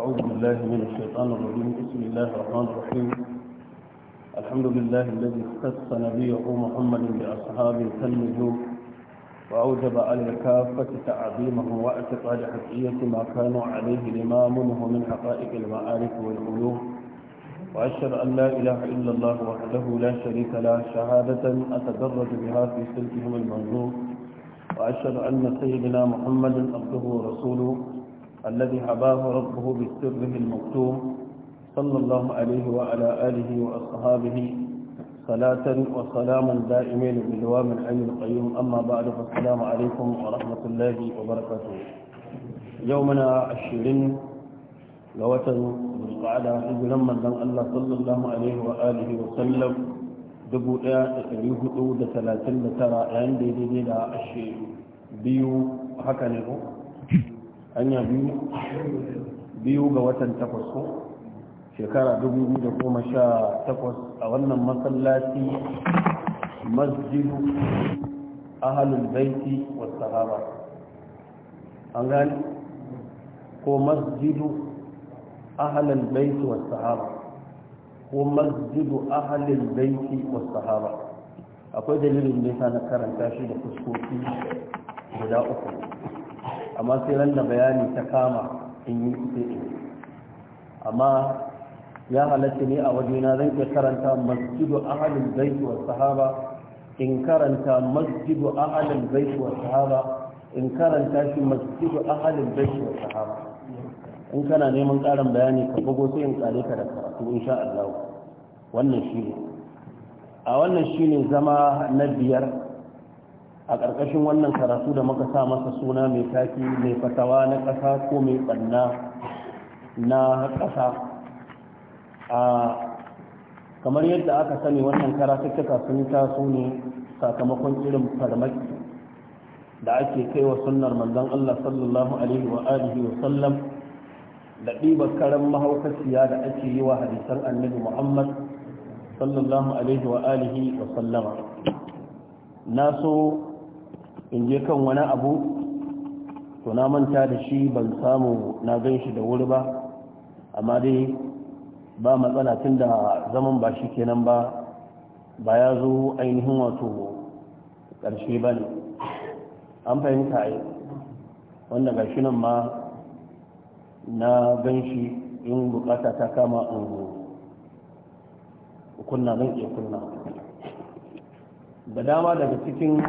أعوذ بالله من الشيطان الرجيم بسم الله الرحمن الرحيم الحمد لله الذي اختص نبيه محمد بأصحاب سلمه وأوجب على الكافة تعظيمه واعتقاد حقية ما كانوا عليه لما منه من حقائق المعارف والعلوم وأشهد أن لا إله إلا الله وحده لا شريك له شهادة أتدرج بها في سلكهم المنظور وأشهد أن سيدنا محمد عبده ورسوله الذي هباه ربه بالسره المكتوم صلى الله عليه وعلى آله وأصحابه صلاة وسلام دائمين بالوام الحي القيوم أما بعد فالسلام عليكم ورحمة الله وبركاته يومنا الشرين لوتن بالقعدة لما دن الله صلى الله عليه وآله وسلم دبو إيا يهدو دسلاتين دسرا عندي دي دا الشيء بيو هكذا hanya biyu biyu ga watan takwas ko shekara 2018 a wannan masallaci masjidu ahalul baiti wa sahaba an gani ko masjidu ahalul baiti wa sahaba ko masjidu ahalul baiti wa sahaba akwai dalilin da na karanta shi da fuskoki guda uku amma sai ran da bayani ta kama in yi sai in amma ya halatta ne a wajena zan iya karanta masjidu ahalin zaiti wa sahaba in karanta masjidu ahalin zaiti wa sahaba in karanta shi masjidu ahalin zaiti wa sahaba in kana neman karin bayani ka bugo sai in kare ka da karatu insha Allah wannan shi ne a wannan shi ne zama na biyar a ƙarƙashin wannan karatu da muka sa masa suna mai taki mai fatawa na ƙasa ko mai ɓanna na ƙasa a kamar yadda aka sani wannan karatuttuka sun taso ne sakamakon irin farmaki da ake kai wa sunnar manzon Allah sallallahu alaihi wa alihi wa sallam da ɗibar karan mahaukaciya da ake yi wa hadisan annabi Muhammad sallallahu alaihi wa alihi wa sallama na so in je kan wani abu to na manta da shi ban samu na gan shi da wuri ba amma dai ba matsala tun da zaman ba shi kenan ba ba ya zo ainihin wato ƙarshe ba ne an fahimta yi wanda ga shi nan ma na gan shi in bukata ta kama in kunna zan iya kunna da dama daga cikin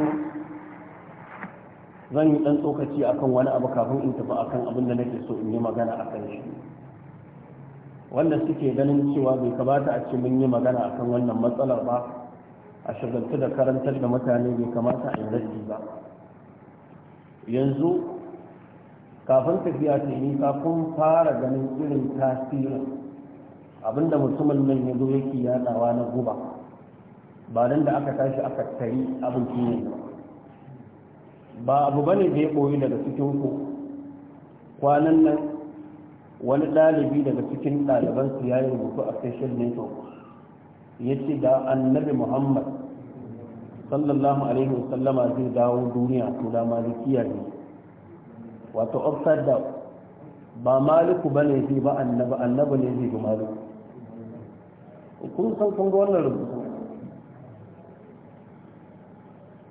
zan yi dan tsokaci akan wani abu kafin in tafi akan abin da nake so in yi magana akan shi wanda suke ganin cewa bai kamata a ce mun yi magana akan wannan matsalar ba a shagaltu da karantar da mutane bai kamata a yi rashi ba yanzu kafin tafiya ta yi kafin fara ganin irin tasirin abinda mutumin nan ya zo yake yadawa na guba ba nan da aka tashi aka tari abin ne ba abu bane da ya koyi daga cikin ku kwanan nan wani ɗalibi daga cikin ɗaliban su yayi rubutu a social network ya ce da annabi muhammad sallallahu alaihi wasallama zai dawo duniya to da malikiya ne wato upside down ba maliku ba zai ba annabi annabi ne zai bi maliku kun san kun ga wannan rubutu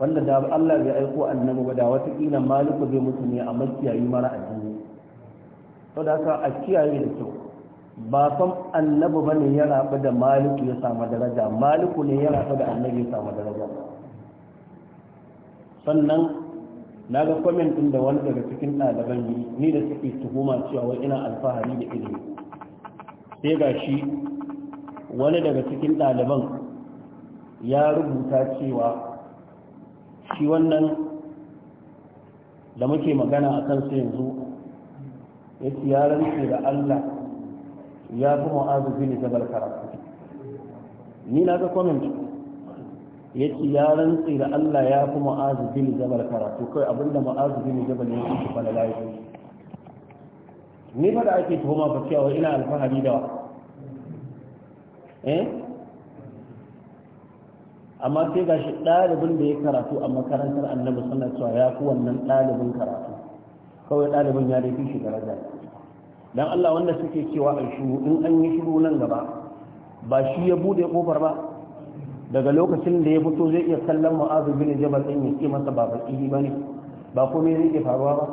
wanda da Allah bai aiko annabi ba da wata kila maliku zai mutu ne a makiyayi mara addini to da haka a kiyaye da kyau ba san annabi bane ya rabu da maliku ya samu daraja maliku ne ya rabu da annabi ya samu daraja sannan na ga kwamen da wani daga cikin ɗaliban yi ni da suke tuhuma cewa wai ina alfahari da ilimi sai ga shi wani daga cikin ɗaliban ya rubuta cewa shi wannan da muke magana a kansu yanzu ya ci yaran da Allah ya fi mu'azu zini jabal karatu ni na ga comment ya ci yaran da Allah ya fi mu'azu bin jabal karatu kai abinda mu'azu bin jabal ya fi fara lafiya ni fa da ake tuhuma ba cewa ina alfahari da eh amma sai ga shi ɗalibin da ya karatu a makarantar annabi suna cewa ya fi wannan ɗalibin karatu kawai ɗalibin ya dai fi shi daraja dan Allah wanda suke cewa a shuru in an yi shuru nan gaba ba shi ya bude kofar ba daga lokacin da ya fito zai iya kallon mu'azu bin jabal din ya ce masa ba fakihi bane ba komai zai faruwa ba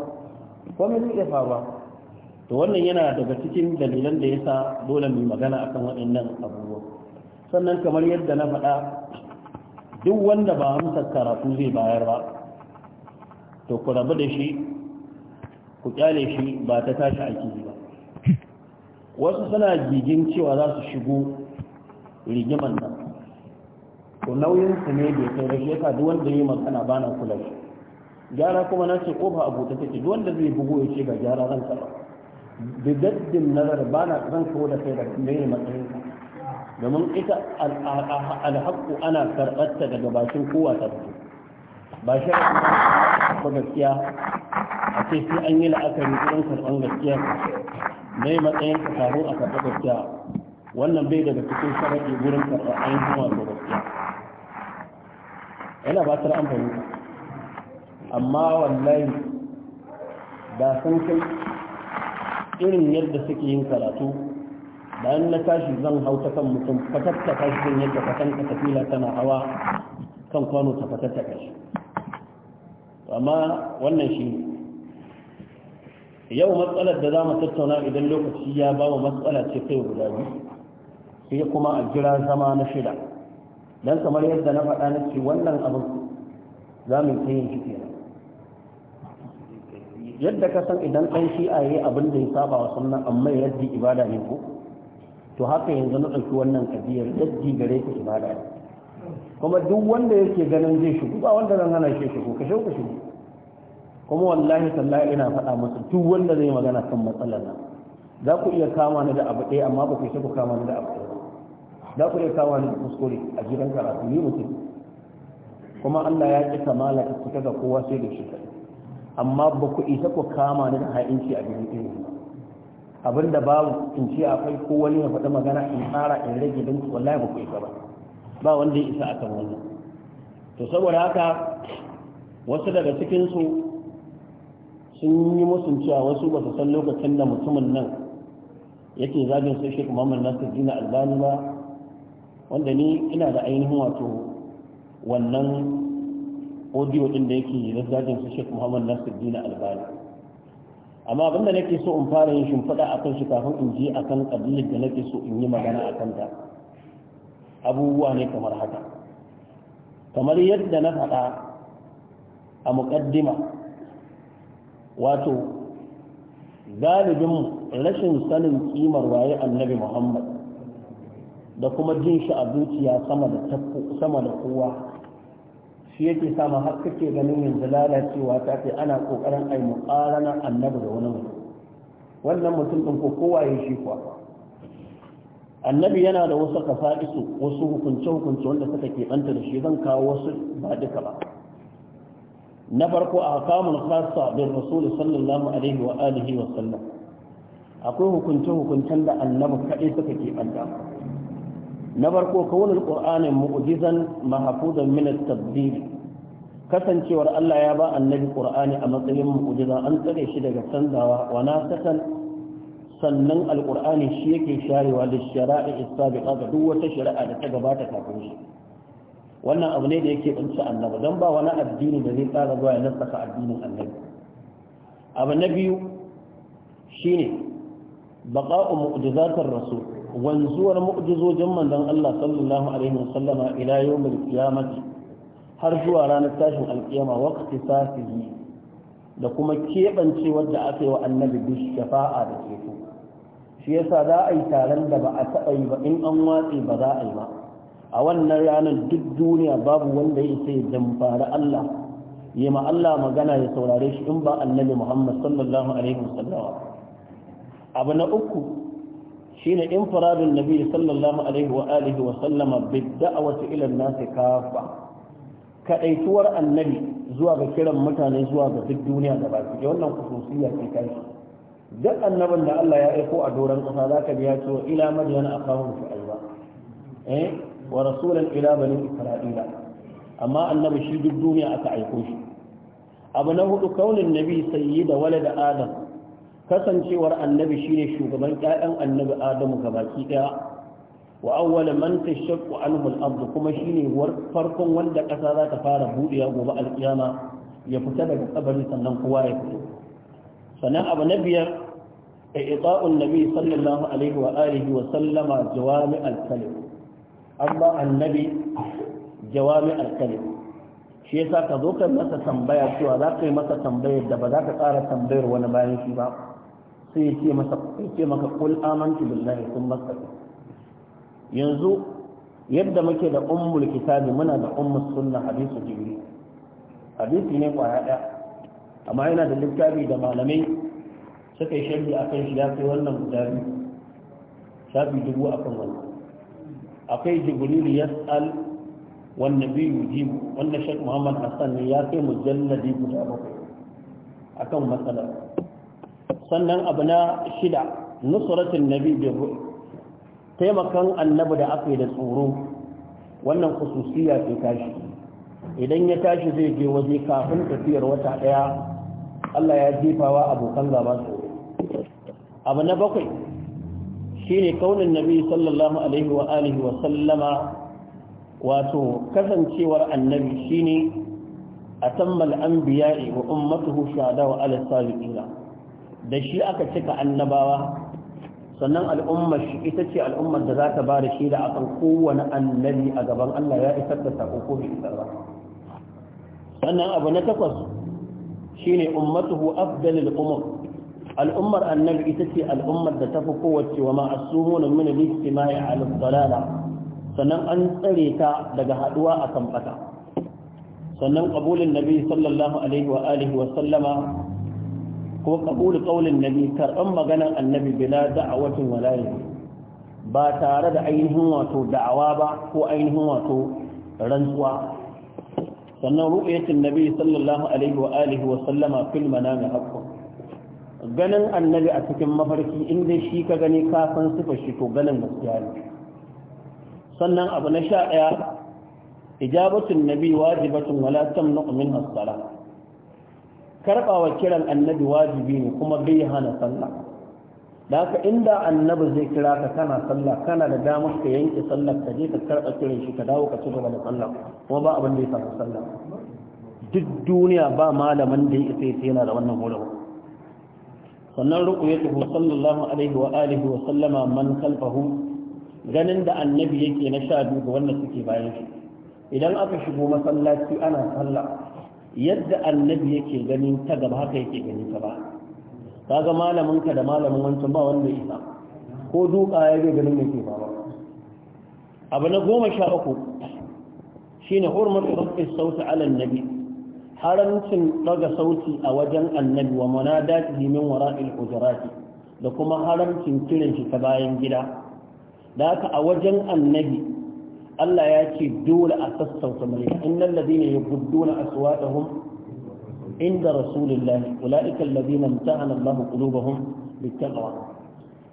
komai zai iya faruwa to wannan yana daga cikin dalilan da yasa dole mu magana akan waɗannan abubuwa sannan kamar yadda na faɗa duk wanda ba amsa karatu zai bayar ba to ku rabu da shi ku kyale shi ba ta tashi aiki ba wasu suna gigin cewa za su shigo rigiman nan ko nauyin su ne bai kai rashe ka duk wanda yi magana ba na kula shi gyara kuma na ce kofa abu ta take duk wanda zai bugo ya ce ga gyara zan taɓa bidaddin nazar ba na zan kawo da kai da mai matsayin ka domin ita alhaƙu ana karɓarta daga bakin kowa ta fito ba shi ba gaskiya a ce sai an yi la'akari wurin karɓar gaskiya ne matsayin ka kafin a karɓar gaskiya wannan bai daga cikin sharaɗi wurin karɓar ainihin wato gaskiya yana ba ta amfani amma wallahi da san kai irin yadda suke yin karatu bayan na tashi zan hau ta kan mutum fatatta kashi zan yadda fatan ka tafila tana hawa kan kwano ta fatatta kashi amma wannan shi yau matsalar da za mu tattauna idan lokaci ya ba mu matsala ce kai guda biyu sai kuma a jira zama na shida dan kamar yadda na faɗa na ce wannan abin za mu ta yin shi yadda ka san idan ɗan a yi abin da ya saba wa sannan amma yaddi ibada ne ko to haka yanzu na ɗauki wannan ƙabiyar yadda gare ku ibada kuma duk wanda yake ganin zai shigo ba wanda zan hana shi shigo ka shigo ka shigo kuma wallahi tallahi ina faɗa masa duk wanda zai magana kan matsalar nan za ku iya kama ni da abu ɗaya amma ba ku yi ku kama ni da abu ɗaya za ku iya kama ni da kuskure a gidan karatu ni mutum kuma Allah ya ƙi kamala ka fita ga kowa sai da shi amma ba ku isa ku kama ni da ha'inci a gidan ɗaya abinda babu in ce akwai ko wani ya faɗi magana in tsara in rage don wallahi ba ku isa ba ba wanda ya isa a kan wannan to saboda haka wasu daga cikinsu sun yi musun cewa wasu ba su san lokacin da mutumin nan yake zagin sai shi muhammad nasir dina albani ba wanda ni ina da ainihin wato wannan audio din da yake sai shi kuma muhammad nasir dina albani amma abinda nake so in fara yin shimfiɗa a kan shi kafin in je a kan ƙabilar da nake so in yi magana a kanta abubuwa ne kamar haka kamar yadda na faɗa a muƙaddima wato galibin rashin sanin ƙimar waye annabi muhammad da kuma jin shi a zuciya sama da kowa shi yake sama har kake ganin yanzu lalacewa ta ce ana kokarin ai muqarana annabi da wani mutum wannan mutum din ko kowa ya shi kuwa annabi yana da wasu kafa'isu wasu hukunce hukunce wanda suka keɓanta da shi zan kawo wasu ba duka ba na farko a hakamun khassa bin rasul sallallahu alaihi wa alihi wa sallam akwai hukunce hukuncen da annabi kaɗai suka keɓanta na farko kawunin ƙur'anin mu'ujizan mahafuzan min tabdili kasancewar Allah ya ba annabi Kur'ani a matsayin mu'ujiza an tsare shi daga canzawa wa na kasan sannan alƙur'ani shi yake sharewa da shari'a isabiqa ga duk wata shari'a da ta gabata kafin shi wannan abu ne da yake tsanci annabi dan ba wani addini da zai tsara zuwa ya nasaka addinin annabi abu na biyu shine baqa'u mu'jizatir rasul wanzuwar mu'jizojin manzon Allah sallallahu alaihi wasallama ila yawmil qiyamati har zuwa ranar tashin alkiyama waqti safihi da kuma kebance wadda aka yi wa annabi bi shafa'a da ceto shi yasa za a yi taron da ba a taɓa yi ba in an watsi ba za a yi ba a wannan ranar duk duniya babu wanda ya sai damfara Allah ya ma Allah magana ya saurare shi in ba annabi Muhammad sallallahu alaihi abu na uku shine infradun nabi sallallahu alaihi wa alihi wa sallama bid-da'wati ila an-nas kafa kadaituwar annabi zuwa ga kiran mutane zuwa ga duk duniya da baki da wannan kususiyya ce kai duk annaban da Allah ya aiko a doran kasa zaka biya to ila madyan akahum fi alba eh wa rasulan ila bani isra'ila amma annabi shi duk duniya aka aiko shi abu na hudu kaunin nabi sayyida walada adam kasancewar annabi shine shugaban ƴaƴan annabi adamu ga baki ɗaya wa awwala man tashaqqu anhu al-ard kuma shine farkon wanda ƙasa za ta fara buɗewa gobe alƙiyama ya fita daga kabari sannan kowa ya fito sannan abu na biyar i'ta'un nabi sallallahu alaihi wa alihi wa sallama jawami al-kalim ba annabi jawami al-kalim shi yasa ka zo ka masa tambaya cewa za ka yi masa tambayar da ba za ka ƙara tambayar wani bayan shi ba sai ya ce masa ya ce maka qul amantu billahi kun mastaqim yanzu yadda muke da ummul kitabi muna da ummus sunna hadisu jibril hadisi ne kwaya daya amma yana da littafi da malamai suka yi sharhi akan shi ya kai wannan guda biyu shafi dubu akan wannan akwai jibril yas'al wan nabi yujibu wannan shek muhammad hassan ne ya kai mujalladi guda bakwai akan matsalar sannan abu na shida nusuratun nabi bi taimakan annabi da aka yi da tsoro wannan kususiya ke tashi idan ya tashi zai je waje kafin tafiyar wata daya Allah ya jefawa abokan gaba su abu na bakwai shine kaunin nabi sallallahu alaihi wa alihi wa sallama wato kasancewar annabi shine atammal anbiya'i wa ummatuhu shada wa ala da shi aka cika annabawa sannan al'ummar shi ita ce al'ummar da za ta ba da shi da akan kowane annabi a gaban Allah ya isar da sako ko bai isar ba sannan abu na takwas shine ummatuhu afdalul umam al'ummar annabi ita ce al'ummar da ta fi kowace wa ma'asumuna min al-ijtima'i 'ala dalala sannan an tsare ta daga haduwa kan bata sannan qabulin nabi sallallahu alaihi wa alihi wa sallama ko kabulu qaulin nabi karban maganar annabi bila da'awatin walayi ba tare da ainihin wato da'awa ba ko ainihin wato rantsuwa sannan ru'yatin nabi sallallahu alaihi wa alihi wa sallama fil manami haqqun ganin annabi a cikin mafarki inda shi ka gani ka san sifar shi to ganin gaskiya ne sannan abu na sha ɗaya ijabatun nabi wajibatun wala tamnu min as-salah karɓawa kiran annabi wajibi ne kuma bai hana sallah da haka inda annabi zai kira ka kana sallah kana da damar ka yanke sallah ka je ka karɓa kiran shi ka dawo ka ci gaba da sallah kuma ba abin da ya samu sallah duk duniya ba malaman da ya isa yana da wannan horon sannan ruqyatuhu sallallahu alaihi wa alihi wa sallama man khalfahu ganin da annabi yake na sha biyu ga wannan suke bayan shi idan aka shigo masallaci ana sallah yadda annabi yake ganin ta gaba haka yake ganin ta ba kaga malamin ka da malamin wancan ba wanda isa ko duka ya zai ganin yake ba abu na goma sha uku shi shine hurmar rabbi sauti ala annabi haramcin daga sauti a wajen annabi wa munadatihi min wara'il hujurati da kuma haramcin kiran shi ta bayan gida da aka a wajen annabi Allah ya ce dole a sassauta murya innal ladina yaghudduna aswatahum inda rasulillah ulaika alladina imtahana Allahu qulubahum bittaqwa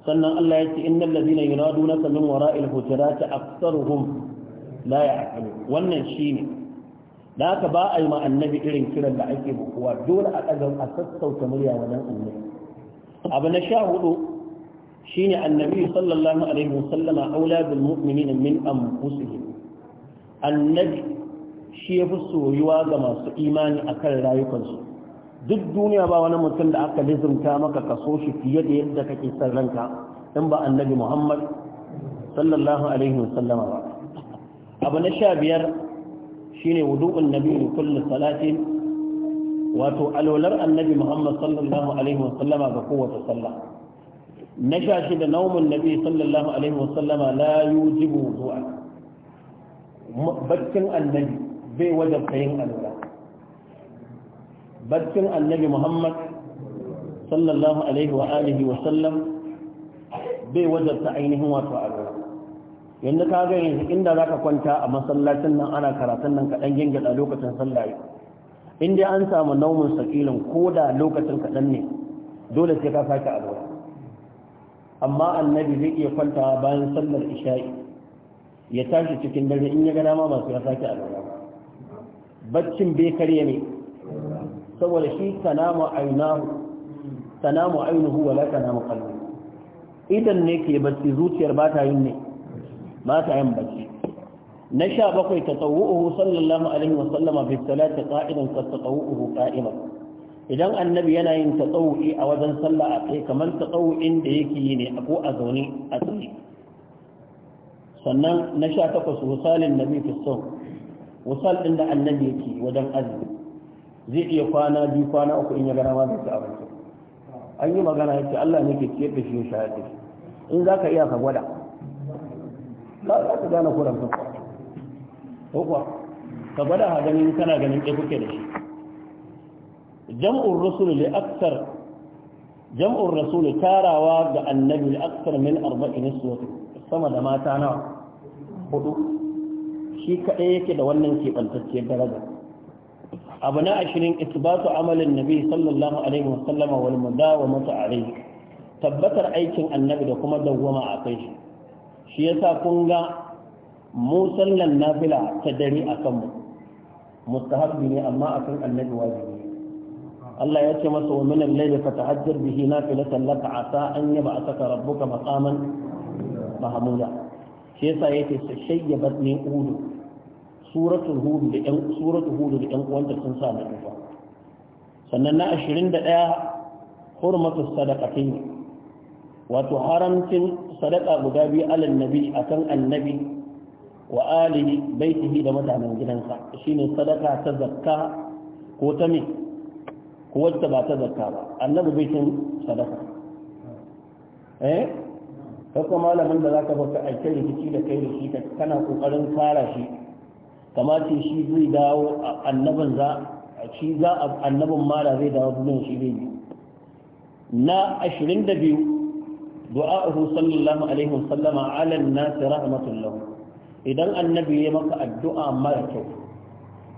sannan Allah ya ce innal ladina yunadunaka min wara'il hujurati aktsaruhum la ya'qilun wannan shine da haka ba a yi ma annabi irin kiran da ake bukuwa dole a ɗaga a sassauta murya wajen annabi abu na sha hudu shine annabi sallallahu alaihi wasallama aula mu'minina min anfusihim annabi shi yafi soyuwa ga masu imani akan rayukansu duk duniya ba wani mutum da aka lizumta maka kaso shi fiye da yadda kake son ranka in ba annabi Muhammad sallallahu alaihi wasallama ba abu na sha biyar shine wudu'un nabi salatin wato alwalar annabi Muhammad sallallahu alaihi wasallama ga kowace sallah na sha shi da naumun nabi sallallahu alaihi wasallama la yujibu zuwa, baccin annabi bai wajabta yin alwala baccin annabi muhammad sallallahu alaihi wa alihi wa sallam bai wajabta ainihin wato alwala yanzu ka ga yanzu inda za ka kwanta a masallacin nan ana karatun nan kaɗan gingida lokacin sallah in dai an samu naumin sakilin ko da lokacin kaɗan ne dole sai ka sake alwala amma annabi zai iya kwantawa bayan sallar isha'i ya tashi cikin dare in ya ga dama masu ya sake alwala baccin bai karya ne saboda shi tanamu ainahu tanamu ainuhu wala tanamu qalbi idan ne ke bacci zuciyar ba ta yin ne ba ta yin bacci na sha bakwai ta tawu'uhu sallallahu alaihi wa sallama bi salati qa'idan ka tawu'uhu qa'iman idan annabi yana yin tatsawu'i a wajen sallah a tsaye kamar tatsawu'in da yake yi ne ko a zaune a tsaye sannan na sha takwas wasalin nabi biyu sau wasal ɗin da annabi yake wajen azumi zai iya kwana biyu kwana uku in ya gana ma zai ci abinci an yi magana ya ce Allah ne ke ciyar da shi ya shayar da shi in za ka iya ka gwada ba za ka gane kuran ka gwada ha ganin kana ganin ɗaya kuke da shi jam'ur Rasulu li akthar jam'ur rasul tarawa ga annabi li akthar min arba'in suwatu sama da mata nawa hudu shi kaɗai yake da wannan keɓantacce daraja abu na ashirin isbatu amalin nabi sallallahu alaihi wani wasallam wal a rai. tabbatar aikin annabi da kuma dawwama a kai shi shi ya sa kun ga mu sallan nafila ta dare a kanmu mustahabbi ne amma akan annabi wajibi Allah ya ce masa wa min al-layli fatahajjar bihi nafilatan laka asa an yaba a rabbuka maqaman mahmuda shi yasa yake shayyabat ni ulu suratul hud da yan suratul da yan uwanta sun sa da kufa sannan na ɗaya, hurmatu sadaqatin wato haramcin sadaka guda biyu alal nabi akan annabi wa alihi baitihi da mutanen gidansa shine sadaka ta zakka ko ta me ko ba ta zakka ba annabi bai cin sadaka eh ka kakka malamin da zaka baka aike rikici da kai da shi kana kokarin kara shi kamace shi zai dawo annabin za shi za a annabin mara zai dawo duniyar shi zai yi na 22 du'a'uhu sallallahu alaihi wasallama ala an-nas rahmatullah idan annabi ya maka addu'a mara kyau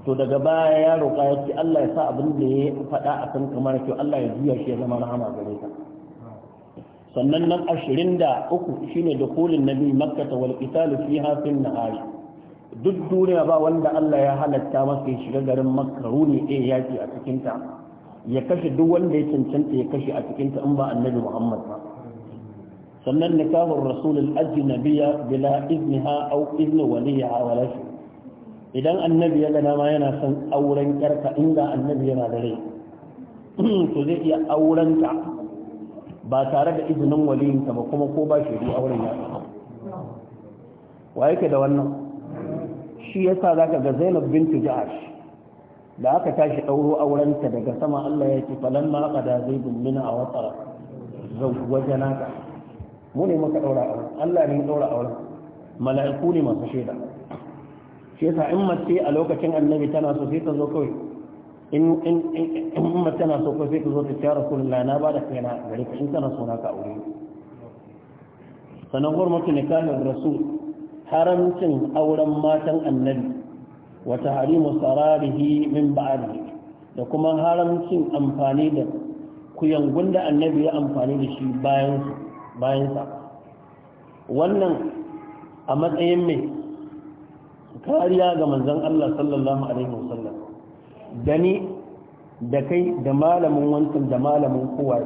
to daga baya ya roƙa ya ce Allah ya sa abin da ya faɗa a kan kamar kyau Allah ya juya shi ya zama rahama gare ka sannan nan ashirin da uku shine da kulin nabi makka wal qitalu fiha fin nahari duk duniya ba wanda Allah ya halatta masa ya shiga garin makka runi ɗaya yaki a cikin ta ya kashe duk wanda ya cancanta ya kashe a cikin ta in ba annabi Muhammad ba sannan nikahun rasulul ajnabiyya bila izniha aw izni waliha wala shi idan annabi ya gada ma yana son auren yarka inda annabi yana da rai to zai iya auren ta ba tare da izinin waliyinta ba kuma ko ba shaidu auren ya wa yake da wannan shi yasa zaka ga Zainab bintu Ja'ash da aka tashi ɗauro aurenta daga sama Allah ya ce falan ma aka da zai dummina a watsara wajen naka mu ne muka ɗaura auren Allah ne ya ɗaura auren mala'iku ne masu shaida shi yasa in mace a lokacin annabi tana so sai ta zo kawai in in in mace tana so kawai sai ta zo ta ce rasulullahi na ba da kaina gare ka in tana so na ka aure sanan hurmatu nikahin rasul haramcin auren matan annabi wa tahrimu sararihi min ba'di da kuma haramcin amfani da kuyangun da annabi ya amfani da shi bayansa wannan a matsayin mai kariya ga manzan Allah sallallahu alaihi wasallam da ni da kai da malamin wancan da malamin kowa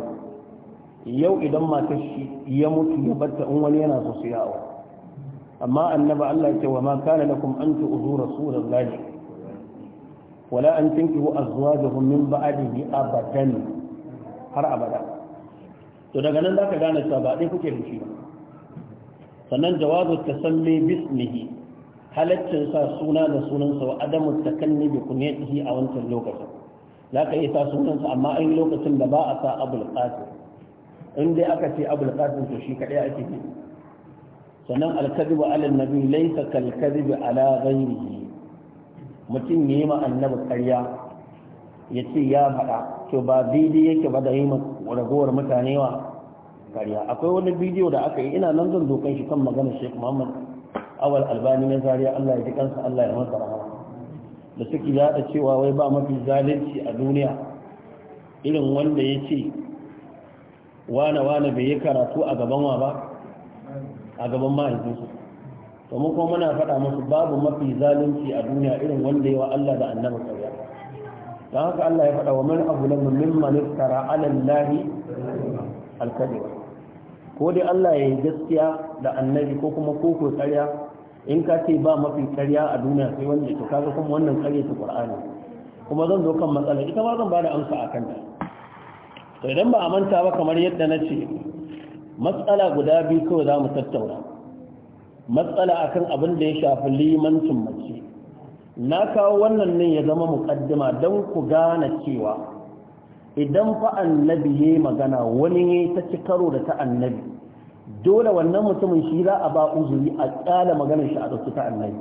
yau idan matar shi ya mutu ya batta in wani yana so su yawo amma annaba Allah ce wa ma kana lakum an tu'zu rasulullahi wala an wa da azwajahum min ba'dihi abadan har abada to daga nan za ka gane cewa ba dai kuke da shi ba sannan jawazu tasalli bismihi halaccin sa suna da sunansa wa adamu takanni bi kunyatihi a wancan lokacin za ka iya sa sunansa amma an lokacin da ba a sa abul qasim in dai aka ce abul qasim to shi kadai ake yi sannan al-kadhibu ala nabi laysa kal kadhibu ala ghayrihi mutum yayi ma annabi ƙarya ya ce ya faɗa to ba daidai yake ba da yi ragowar mutane wa ƙarya akwai wani bidiyo da aka yi ina nan zan dokan shi kan maganar shek Muhammad awal albani na zariya Allah ya ji kansa Allah ya masa rahama da suke yada cewa wai ba mafi zalunci a duniya irin wanda ya ce wane wane bai yi karatu a gaban wa ba a gaban su to mun kuma muna faɗa musu babu mafi zalunci a duniya irin wanda ya wa Allah da annabi sauya don haka Allah ya faɗa wa man abulan min iftara ala lahi alkadiba ko dai Allah ya yi gaskiya da annabi ko kuma koko tsariya in ka ce ba mafi karya a duniya sai wanda to kaga kuma wannan karya ta qur'ani kuma zan zo kan matsala ita ma zan ba da amsa a kanta to idan ba a manta ba kamar yadda na ce matsala guda biyu kawai za mu tattauna matsala akan abin da ya shafi limancin mace na kawo wannan ne ya zama muƙaddima don ku gane cewa idan fa annabi ya magana wani ta ci karo da ta annabi dole wannan mutumin shi za a ba uzuri a ƙyala maganin shi a ɗauki ta annabi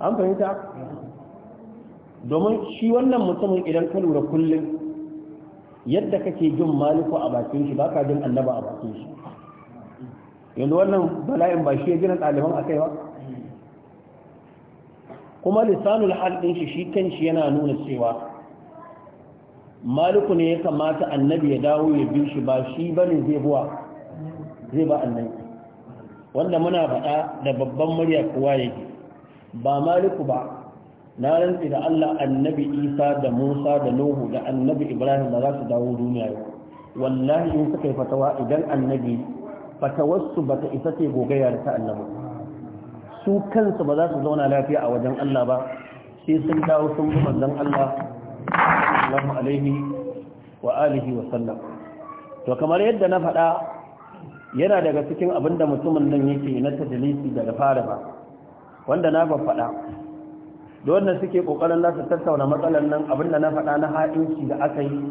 an fahimta domin shi wannan mutumin idan ka lura kullum yadda kake jin maliku a bakin shi baka jin annaba a bakin shi yanzu wannan bala'in ba shi ya gina ɗaliban a kai ba kuma lisanul hal ɗin shi shi shi yana nuna cewa maliku ne ya kamata annabi ya dawo ya bi shi ba shi bane zai buwa zai ba annan wanda muna faɗa da babban murya kowa yake ba maliku ba na rantsi da Allah annabi Isa da Musa da Nuhu da annabi Ibrahim da za su dawo duniya wallahi in suka yi fatawa idan annabi fatawarsu ba ta isa ce gogayya da ta annabi su kansu ba za su zauna lafiya a wajen Allah ba sai sun dawo sun bi manzon Allah sallallahu alaihi wa alihi wa sallam to kamar yadda na faɗa yana daga cikin abin da mutumin nan yake na tajalisi daga fara ba wanda na ban faɗa da wannan suke ƙoƙarin nasu su tattauna matsalar nan abin da na faɗa na ha'inci da aka yi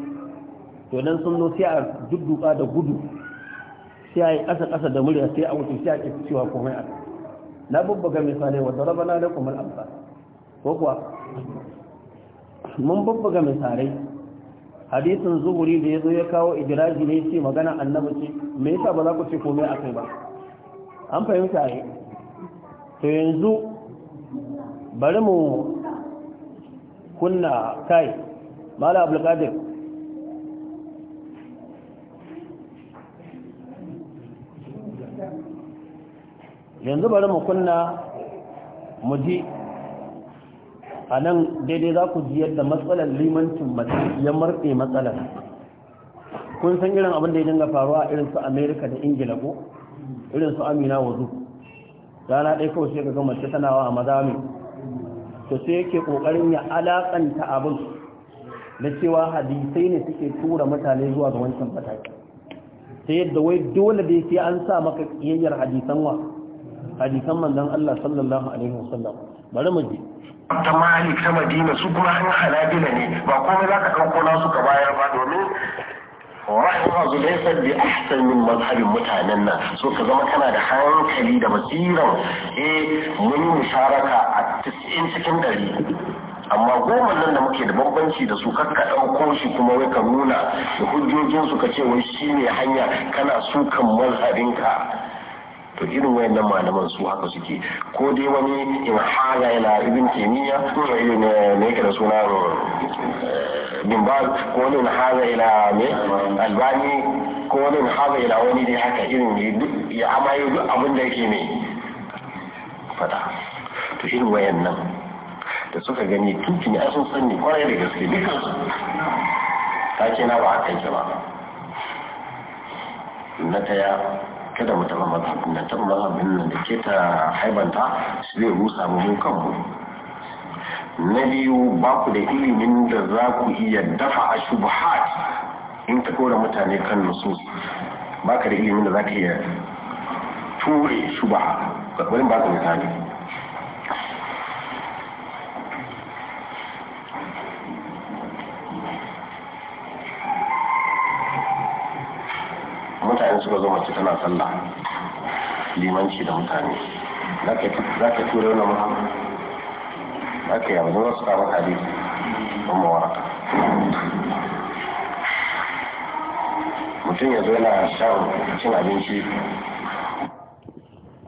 to nan sun zo sai a dudduka da gudu sai a yi ƙasa ƙasa da murya sai a wuce sai a ƙi cewa komai a na bubbuga misalai wa darabana da kuma al'amfa ko kuwa mun bubbuga misalai hadisin zuhuri da ya zo ya kawo idiraji ne ce magana annabi ce me yasa ba za ku ce komai akai ba an fahimta ne to yanzu bari mu kunna kai mala abdulkadir yanzu bari mu kunna mu ji a nan daidai za ku ji yadda matsalar limancin mace ya marfe matsalar kun san irin abin da ya dinga faruwa irin su amerika da ingila ko irin su amina wazu rana ɗaya kawai sai ga mace tana wa a mazami to sai yake ƙoƙarin ya alaƙanta abin da cewa hadisai ne suke tura mutane zuwa ga wancan mataki ta yadda wai dole da sai an sa maka ƙiyayyar hadisan wa hadisan manzon Allah sallallahu alaihi wasallam bari mu ta malik ta madina su kuma an halabila ne ba komai za ka ɗauko nasu ka bayar ba domin rahima su dai ahsan min mazhabin mutanen nan so ka zama kana da hankali da basiran eh mun yi musharaka a 90 cikin dari amma goma nan da muke da bambanci da su kakka ɗauko shi kuma wai ka nuna da hujjojinsu ka ce wai shi ne hanya kana sukan mazhabinka to irin wayannan malaman su haka suke ko dai wani in haga yana ibn taymiya ne yake da suna eh, bin ba ko ne in haga ila me albani ko ne in haga ila wani dai haka irin ya yau duk abin da yake ne fada to irin wayannan da suka gani tuntuni a sun sani kwarai da gaske dukansu ta ce na ba haka yake ba na ta kada mu taɓa mazhabin nan taɓa mazhabin nan da ke ta haibanta su zai rusa mu mun kanmu na biyu ba ku da ilimin da za ku iya dafa a shubuhat in ka kora mutane kan nusus ba ka da ilimin da za ka iya ture shubaha bari ba ka misali mutane suka zo mace tana sallah limanci da mutane za ka tura wani muhammad za ka yi abin wasu kama hadisi don mawaraka mutum ya zo yana shan cin abinci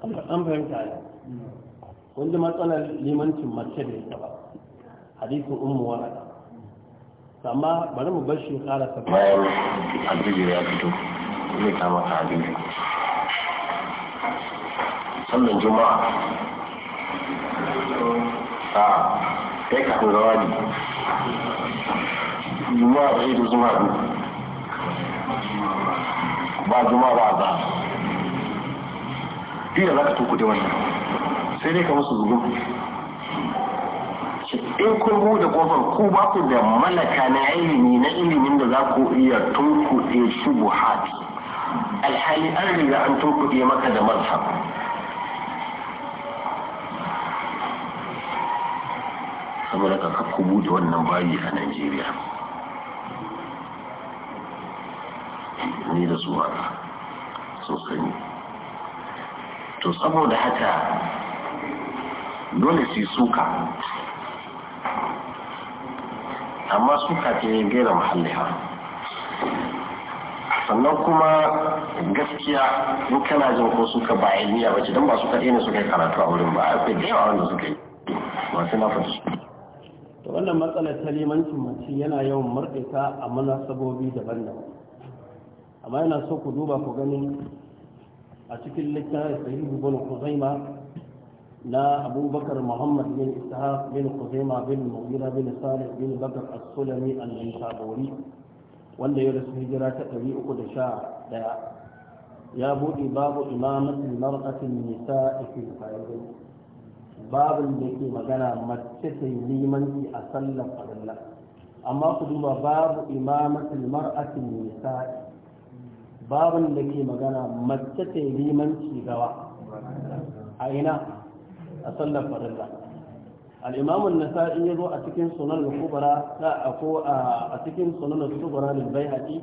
an fahimta ne wanda matsalar limancin mace da ya ba hadisin ummu waraka amma bari mu bar shi karasa bayan abin ya fito zai kama ka sannan juma'a a kai kafin zawadi juma'a ba ido zuma biyu ba juma'a ba za fiye za ka tuku da wannan sai dai ka musu zugun in kun buɗe kofar ku ba ku da malaka na ilimi na ilimin da za ku iya tunkuɗe shubuhati alhali an riga an tunkuɗe maka da mazhab saboda ka kakku bude wannan bayi a najeriya ni da su haka sun sani to saboda haka dole su suka amma suka ce gaira mahalliha sannan kuma gaskiya in kana jin ko suka ba ilmiya ba ce don ba su kaɗai ne suka yi karatu a wurin ba akwai da yawa wanda suka yi masu na fahimci wannan matsalar ta limancin mace yana yawan marɗeta a sabobi daban-daban amma yana so ku duba ku gani a cikin littafin sahihu bin Khuzaima na abubakar muhammad bin ishaq bin khuzaima bin mughira bin salih bin bakar as-sulami al-nisaburi wanda ya rasu hijira ta ɗari uku da sha ɗaya ya buɗe babu imamatin mar'atin nisa fi fa'idai babin da ke magana mace ta yi limanci a sallar farilla amma ku duba babu imamatin mar'atin nisa babin da ke magana mace ta yi limanci gawa a ina a sallar farilla Al'imamin na sa'in Yeru a cikin sunan Lufubara. Na'a ko a cikin sunan Lufubara ne bai haƙƙi?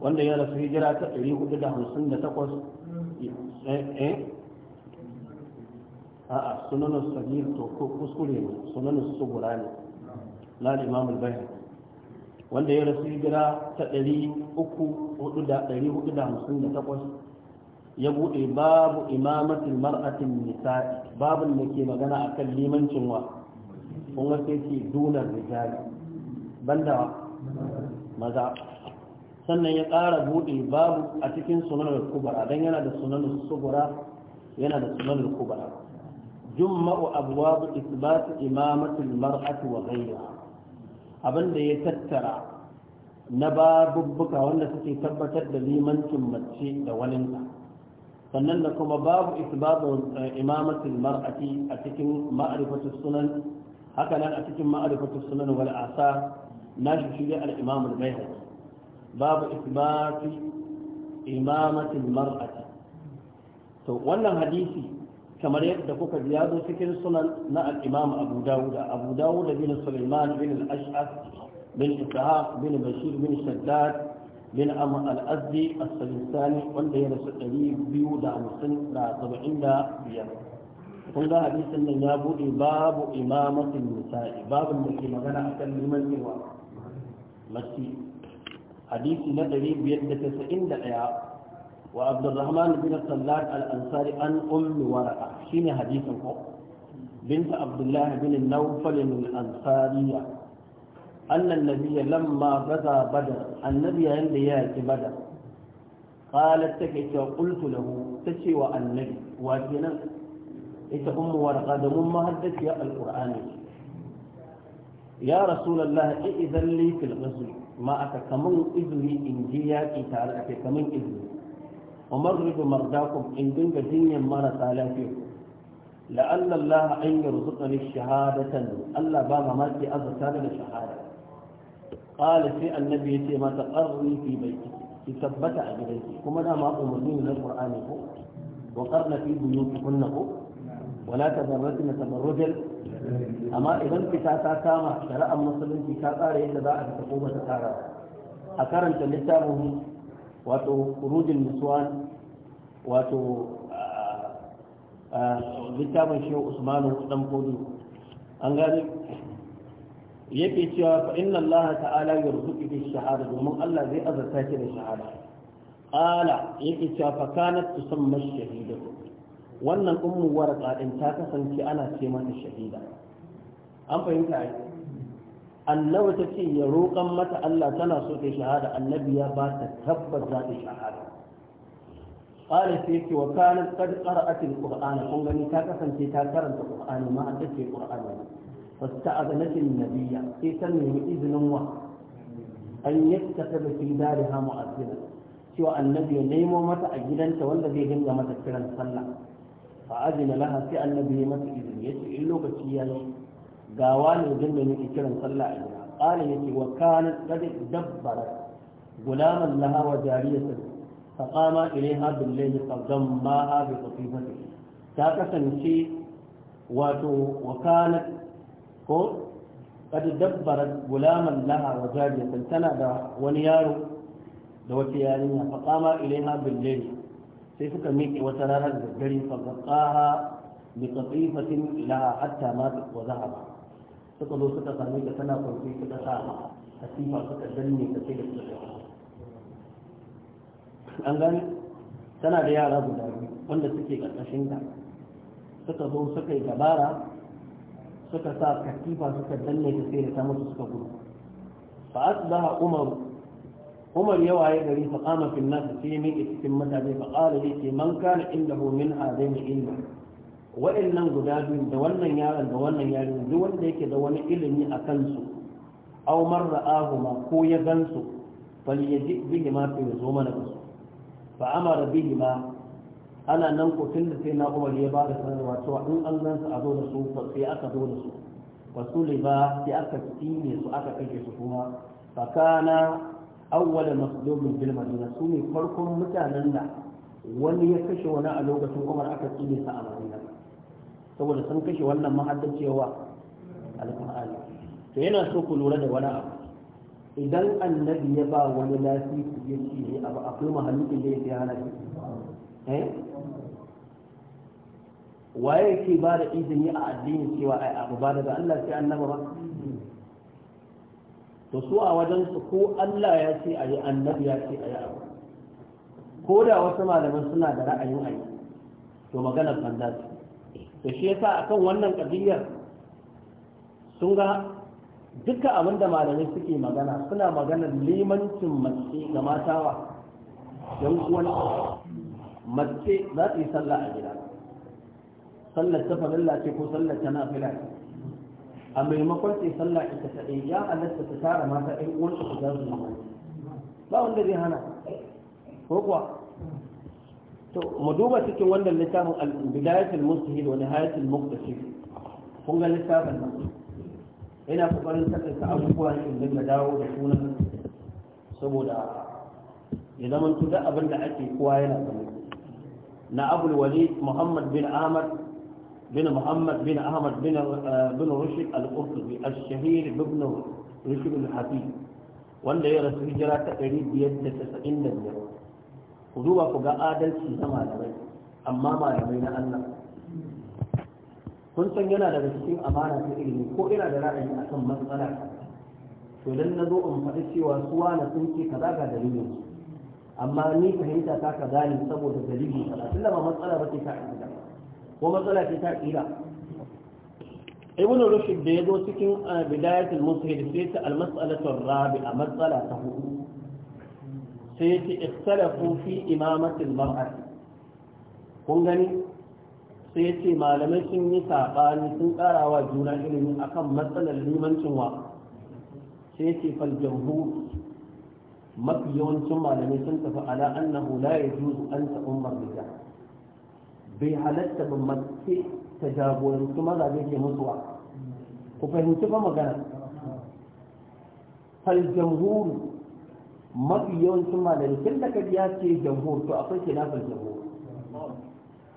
Wanda ya rasi jira ta ɗari huɗu da hamsin da takwas? Eh, eh, a'a to ko su lemu sunan Lufubara ne, na Al'imamin bai? Wanda ya rasi jira ta ya buɗe babu imamatin mar'atin nisa'i babin da ke magana akan limancin wa kun ga sai ce dunar rijali banda maza sannan ya ƙara buɗe babu a cikin sunanar kubara don yana da sunanar subura yana da sunanar kubara jumma'u abuwa isbatu imamatul mar'ati wa ghayriha abinda ya tattara na babubbuka wanda suke tabbatar da limancin mace da walinta. sannan da kuma babu isbatu eh, imamatul mar'ati a cikin ma'rifatus sunan haka nan a cikin ma'rifatus sunan wal asa na shi al imam al bayhaqi babu isbatu imamatul mar'ati to wannan hadisi kamar yadda kuka ji ya cikin sunan na al abu dawud abu dawud bin sulaiman bin al-ash'ath bin ishaq bin bashir bin shaddad bin am al-azdi as-sajistani wanda ya rasu ɗari biyu da hamsin da saba'in da biyar kun hadisin nan ya buɗe babu imamatin nisa'i babin da ke magana akan liman cewa mace hadisi na ɗari biyar da ɗaya وعبد الرحمن بن الصلاد الأنصاري عن أم ورقة شين حديث بنت عبد الله بن النوفل الأنصارية أن النبي لما غزا بدر النبي عند ياتي بدر قالت تكيت وقلت له تشي والنبي واتينا إتهم ورغدهم ما هدت يا القرآن يا رسول الله إذن لي في الغزو ما أتكمن إذني إن جياك تعالى أتكمن إذني ومرض مرضاكم إن دنك دنيا مرة آلافكم لعل الله أن يرزقني الشهادة الله بابا مالك أزر سالة شهادة qala sai annabi yace mata qarri fi baiti ki tabbata a gidanki kuma da ma umarni na qur'ani ko wa qarna fi buyutikunna ko wala tabarrajna tabarrujal amma idan fita ta kama shari'ar musulunci ta tsara yadda za a fita ko ba tsara a karanta littafin wato kurujin nisuwan wato littafin an yake cewa fa inna Allah ta'ala yarzuqu bi shahada domin Allah zai azurta shi da shahada qala yake cewa fa kanat tusamma shahida wannan ummu warqa din ta kasance ana ce mata shahida an fahimta ai annabi ta ce ya roƙan mata Allah tana so ta shahada annabi ya ba ta tabbas za ta shahada qala sai ce wa kanat qad qara'at al-qur'ana kun gani ta kasance ta karanta qur'ani ma ta ce qur'ani فاستأذنت النبي في سنه إذن وه أن يتخذ في دارها مؤذنا سوى النبي نيم ومتى أجلا والذي دنجا متى كلا صلى فأذن لها في النبي متى إذن يسئل لك سيالي قاواني دنجا صلى عليها قال يسي وكانت قد دبرت غلاما لها وجارية فقام إليها بالليل فضماها بخطيبته تاكسا شيء وكانت ko qad dabbarat gulaman laha wa jariyatan tana da wani yaro da wata yarinya fa qama ilaiha bil layl sai suka miƙe wata rana da dare fa qaqaha bi qatifatin laha hatta matat wa zahaba suka zo suka same ta tana kwanci suka sa katifa suka danne ta sai da suka an gani tana da yara guda biyu wanda suke karkashin ta suka zo suka yi dabara suka sa katifa suka danne ta sai da ta mutu suka gudu fa asbaha umar umar ya waye gari fa qama fil nas sai mai cikin mutane fa qala yake man kana indahu min hadaini ilmi wa'annan guda biyu da wannan yaron da wannan yaron duk wanda yake da wani ilimi a kansu aw man ra'ahuma ko ya gansu falyaji bihi ma fi zumana fa amara bihi ma ana nan ko tun da sai na umar ya ba da sanarwa cewa in an gan su a zo da su sai aka zo da su ne ba sai aka tsine su aka kashe su kuma fakana awwala maslubin bil madina su ne farkon mutanen da wani ya kashe wani a lokacin umar aka tsine sa a madina saboda sun kashe wannan mahaddacewa alƙur'ani to yana so ku lura da wani abu idan annabi ya ba wani lafiya ya ce abu akwai mahallin da ya fi hana shi eh waye ke ba da izini a addini cewa ai abu ba daga Allah sai annabi ba to su a wajen su ko Allah ya ce ayi annabi ya ce ayi abu ko da wasu malaman suna da ra'ayin ayi to maganar banda ce to shi yasa akan wannan kadiyar sun ga duka abin da malamai suke magana suna maganar limancin mace ga matawa don kuwa mace za ta yi sallah a gida sallar ta farilla ce ko sallar ta nafila ce a maimakon sai sallah ita ta ɗaya ya halatta ta tara mata ɗan uwansa ku za su yi ba wanda zai hana ko kuwa to mu duba cikin wannan littafin al-bidayatul mustahil wa nihayatul muqtasid kun ga littafin nan ina kokarin takaita abubuwa in dinga dawo da sunan saboda ya zama duk abin da ake kowa yana gani na abul walid muhammad bin ahmad بن محمد بن أحمد بن بن رشد القرطبي الشهير بن رشد الحفيد wanda ya rasu hijira ta 595 ku zuwa ku ga adalci na malamai amma malamai na Allah kun san yana daga cikin amana ta ilimi ko ina da ra'ayi akan matsala to dan na zo in faɗi cewa su wani sun ce kaza ga dalilin amma ni fahimta ta ka ne saboda dalili kaza tunda ba matsala ba ce ta aiki ko matsala ce ta tsira. ibnu rushd da ya zo cikin ah, bidayatul mufhid sai ta al-mas'alatu ar-rabi'a matsala ta hudu sai ya ce ikhtalafu fi imamatil kun gani sai ya ce malamai sun yi saɓani sun wa juna ilimi akan matsalar limancin wa sai ya ce fal jamhur mafi yawancin malamai sun tafi ala annahu la yajuzu an ta ummar rijal bai halatta ba mace ta jagoranci zai ke mutuwa ku fahimci ba magana fal jamhur mafi yawancin malamai tun da kadi ya ce jamhur to akwai ke nafar jamhur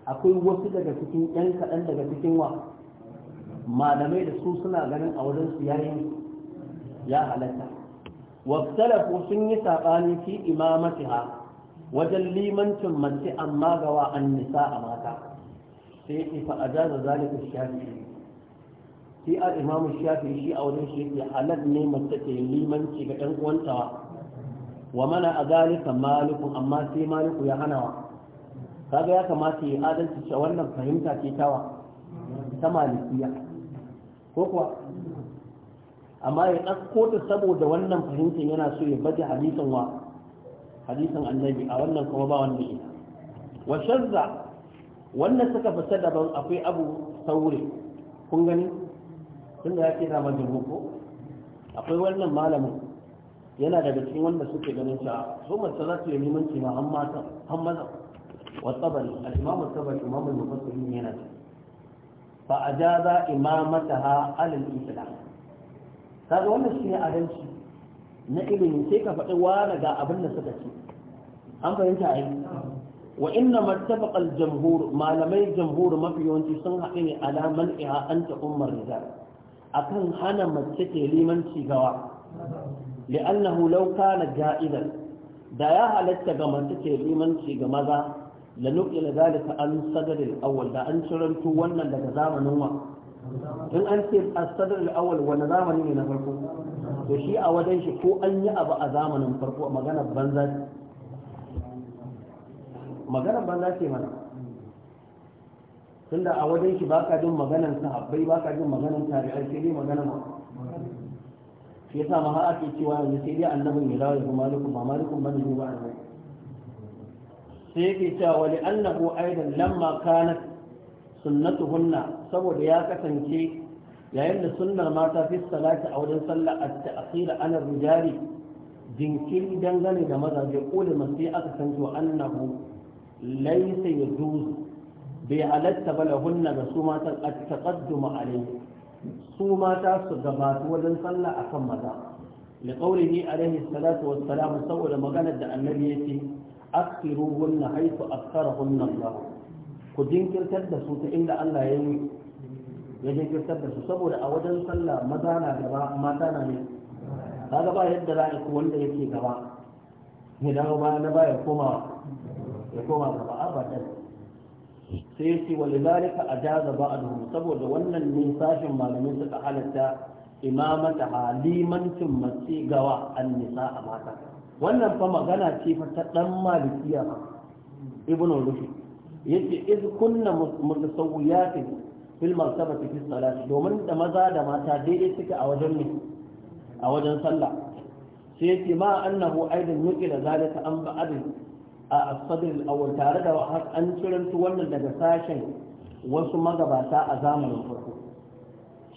akwai wasu daga cikin yan kaɗan daga cikin wa malamai da su suna ganin a wajen su yayin ya halatta waktalafu sun yi saɓani fi imamatiha wajen limancin mace amma gawa an nisa a mata sai yake fa ajaza zalika shafi shi a imamu Shafi, shi a wurin shi yake Halar ne mace ta limanci ga ɗan uwanta wa mana a zalika maliku amma sai maliku ya hana wa kaga ya kamata ya adalci cewa wannan fahimta ce tawa ta malikiya ko kuwa amma ya ɗauko ta saboda wannan fahimtar yana so ya baje hadisin wa hadisin annabi a wannan kuma ba wanda ya wa shazza wanda suka fita daban akwai abu saure kun gani tun da ya ce na majin ko akwai wannan malamin yana daga cikin wanda suke ganin cewa su mace za su yi limanci ma han maza wa tsabari al-imamu tsabari imamu mufassirin yana ce fa ajaza imamataha alal islam kaga wannan ne adalci na ilimi sai ka faɗi wani ga abin da suka ce an fahimta yi wa inna mattafaqal jamhur malamai jamhur mafi yawanci sun haɗu ne alaman mal'iha an ta ummar A kan hana mace ke limanci gawa li'annahu law kana ja'idan da ya halatta ga mace ke limanci ga maza la nuqila zalika an sadar al-awwal da an ciranto wannan daga zamanin wa in an ce as sadar al-awwal wani zamani ne na farko to shi a wajen shi ko an yi abu a zamanin farko magana banza ce magana banza ce mana tunda a wajen shi baka jin maganan sahabbai baka jin maganan tabi'ai sai dai maganar ma shi yasa ma har ake cewa yanzu sai dai annabin ya dawo ya kuma malikum ba malikum ba ne ba zai sai yake cewa wali annahu aidan lamma kanat sunnatuhunna saboda ya kasance yayin da sunnar mata fi salati a wajen sallah a takhir ala rijali jinkiri dangane da bai kula masu aka san to annahu laysa yajuz bai halatta ba lahunna ga su matan at-taqaddum alayhi su mata su gabatu wajen sallah akan maza لقوله عليه الصلاة والسلام سول مغنى النبي يتي أكثروهن حيث أكثرهن الله ku jinkirtar da su ta inda Allah ya yi ya girtar da su saboda a wajen sallah maza na gaba mata na ne kaga ba yadda za a wanda yake gaba ya dawo ba na ba ya koma ya koma gaba ta sai yace jaza ajaza ba'dhum saboda wannan ne sashin malamin suka halatta imamata halimancin mace gawa nisa a mata wannan fa magana ce fa ta dan malikiya ibnu rushd yace iz kunna mutasawwiyatin fil martabati fi salati domin da maza da mata daidai suke a wajen ne a wajen sallah sai yake ma annahu aidan yuki da zalika an ba'ad a asadr al tare da hak an kirantu wannan daga sashen wasu magabata a zamanin farko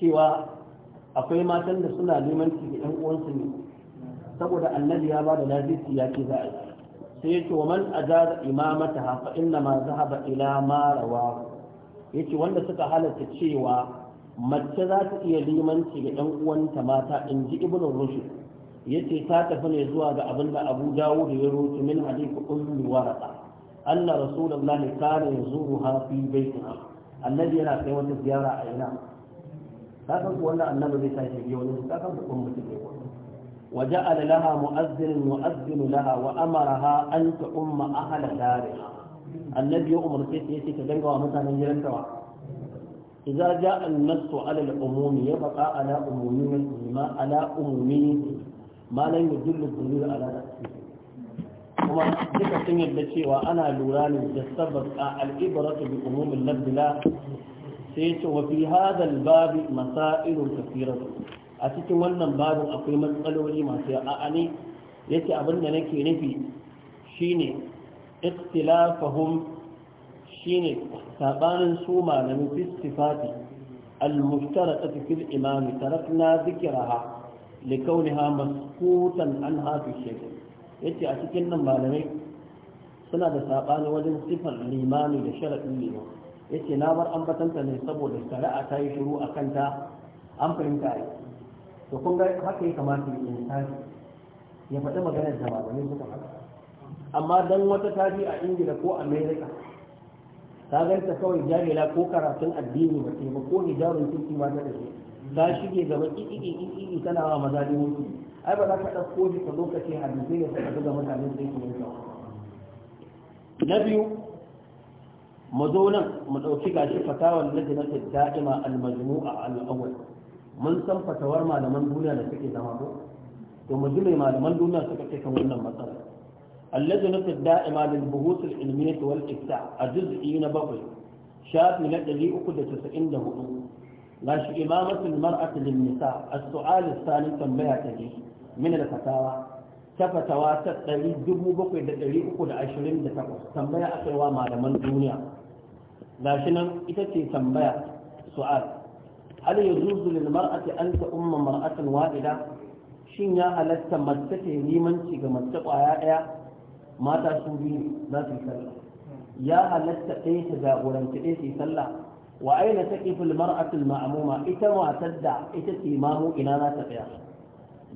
cewa akwai matan da suna neman ciki ɗan uwansu ne saboda annabi ya ba da lazisi ya ce za a yi sai yake wa man ajaza imamata fa inna ma zahaba ila ma rawahu yace wanda suka halarta cewa mace za ta iya limanci ga ɗan uwanta mata in ji ibn rushd yace ta tafi ne zuwa ga abin da abu dawud ya rutu min hadith ummi warqa anna rasulullahi kana yazuruha fi baytiha annabi yana kai wata ziyara a ina ka san ku wannan annabi zai tashi biyo ne ta san ku mutum ne وجعل لها مؤذن يؤذن لها وأمرها أن تؤم أهل دارها annabi ya umarce ta yace ta dangawa mutanen gidanta wa idza jaa an-nassu 'ala al-umum yabqa 'ala umumi ma 'ala umumi ma lan yadullu dalil 'ala nafsihi kuma duka sun yadda cewa ana lura ne da sabab al-ibratu bi umum al-lafz la sai yace wa fi hadha al-bab masailun kathiratu a cikin wannan babin akwai matsaloli masu ne, yace abin da nake nufi shine اختلافهم شين سابانن سو لم في الصفات المشتركه في الامام تركنا ذكرها لكونها مسكوتا عنها في الشيخ يتي أتكلم malamai suna da saɓani wajen sifar limami da sharaɗin liman yace na bar ambatanta ne saboda shari'a ta yi shiru a kanta an fahimta a to kun ga haka ya kamata ya yi ya faɗi maganar da malamai suka faɗa amma dan wata tafi a ingila ko america ta ganta kawai jahila ko karatun addini ba ce ba ko hijabin kirki ma ta dace ta shige gaba ƙiƙiƙiƙiƙi tana wa maza da mutu ai ba za ka ɗauko shi ka zo hadisai ne suka ga mutane sai su yanka na biyu mu zo nan mu ɗauki gashi fatawar ta da'ima al-majmu'a al-awwal mun san fatawar malaman duniya da suke zama ko to mu ji mai malaman duniya suka ce kan wannan matsala اللجنة الدائمة للبحوث العلمية والإفتاء الجزئي نبوي شاف من الذي أخذ تسعين له لاش إمامة المرأة للنساء السؤال الثاني تنبيه من الفتاوى تفتوى تتلي دم بقي دتلي أخذ عشرين دتقوى تنبيه أخوى ما لمن دنيا لاشنا إتتي تنبيه سؤال هل يجوز للمرأة أن تأم امرأة واحدة shin ya halatta mace ta limanci ga mace ƙwaya ɗaya mata su biyu za su yi sallah ya halatta ɗaya ta jagoranci ɗaya su yi sallah wa aina taqifu al-mar'atu al-ma'muma ita matar da ita ce mamu ina za ta tsaya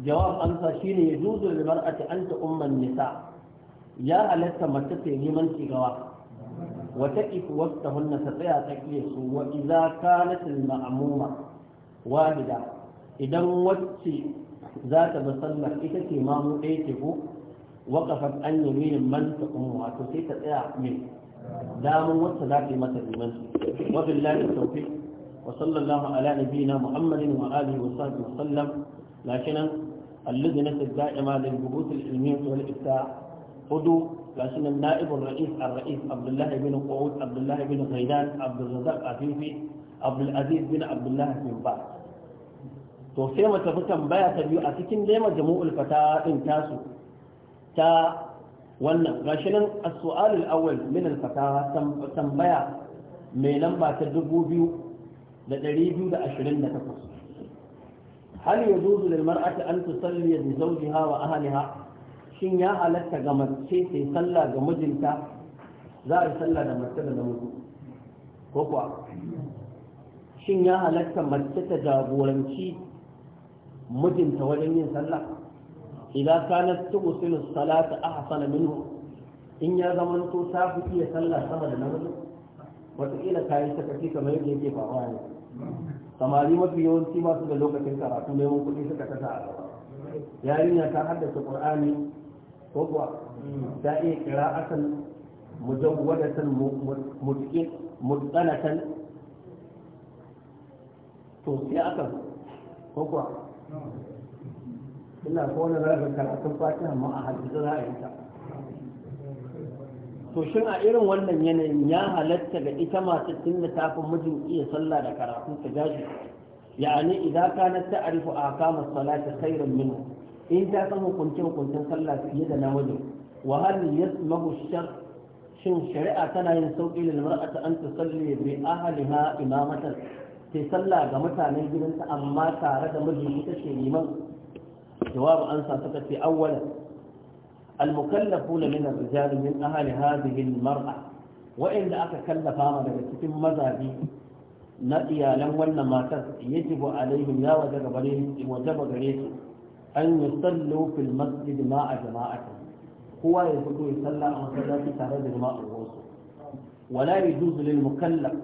jawab amsa shine yajuzu lil-mar'ati an ta an-nisa ya halatta mace ta yi manci gawa wa taqifu wastahunna ta tsaya tsakiyar su wa idza kanat al-ma'muma wahida idan wacce za ta bi sallah? ita ce mamu ɗaya ce ko waqafat an yaminin man taqum sai ta tsaya min damun wacce za ta yi mata liman wa billahi tawfiq wa sallallahu ala nabiyyina muhammadin wa alihi wa sahbihi wa sallam lakinan اللجنة الدائمة للبحوث العلمية والإفتاء هدوء لكن النائب الرئيس الرئيس عبد الله Rais قعود عبد الله بن غيلان عبد الرزاق عفيفي عبد العزيز بن عبد الله بن باز to sai mu tafi tambaya ta biyu a cikin dai majmu'ul fata din tasu ta wannan gashi nan sualul awwal min al-fatawa tambaya mai lamba ta 2228 هل يجوز للمرأة أن تصلي wa وأهلها shin ya halatta ga mace ta yi sallah ga mijinta za a yi sallah da mace da namiji ko kuwa shin ya halatta mace ta jagoranci mijinta wajen yin sallah idan kanat tusilu salata ahsan minhu in ya zaman to ta fi iya sallah sama da ila kai ta yi kamar yadda yake fawa ne samari mafi yawanci masu da lokacin karatu neman kudi suka kasa a gaba yarinya ta haddace qur'ani ko kuwa ta iya qira'atan mujawwadatan mutqin mutqanatan to sai aka ko kuwa ina ko za ka karatun fatiha ma a hadisi za a yi ta to shin a irin wannan yanayin ya halatta ga ita masu tunda ta fi mijin iya sallah da karatu ta gashi ya'ani idan kana ta'rifu ahkama salati khairan minhu in ta san hukunce hukuncen sallah fiye da namijin wa hal yasmahu shar shin shari'a tana yin sauki lil mar'ati an tusalli bi ahliha imamatan ke sallah ga mutanen gidanta amma tare da miji ita ce liman jawabu an sa suka ce awwala al-mukallafuna min ar-rijal min ahli hadhihi al-mar'a wa'inda aka kallafa ma daga cikin mazabi na iyalan wannan matar yajibu alaihim ya waje gare su waje gare su an yusallu fil masjid ma a jama'ata kowa ya fito ya salla a masallaci tare da jama'ar wala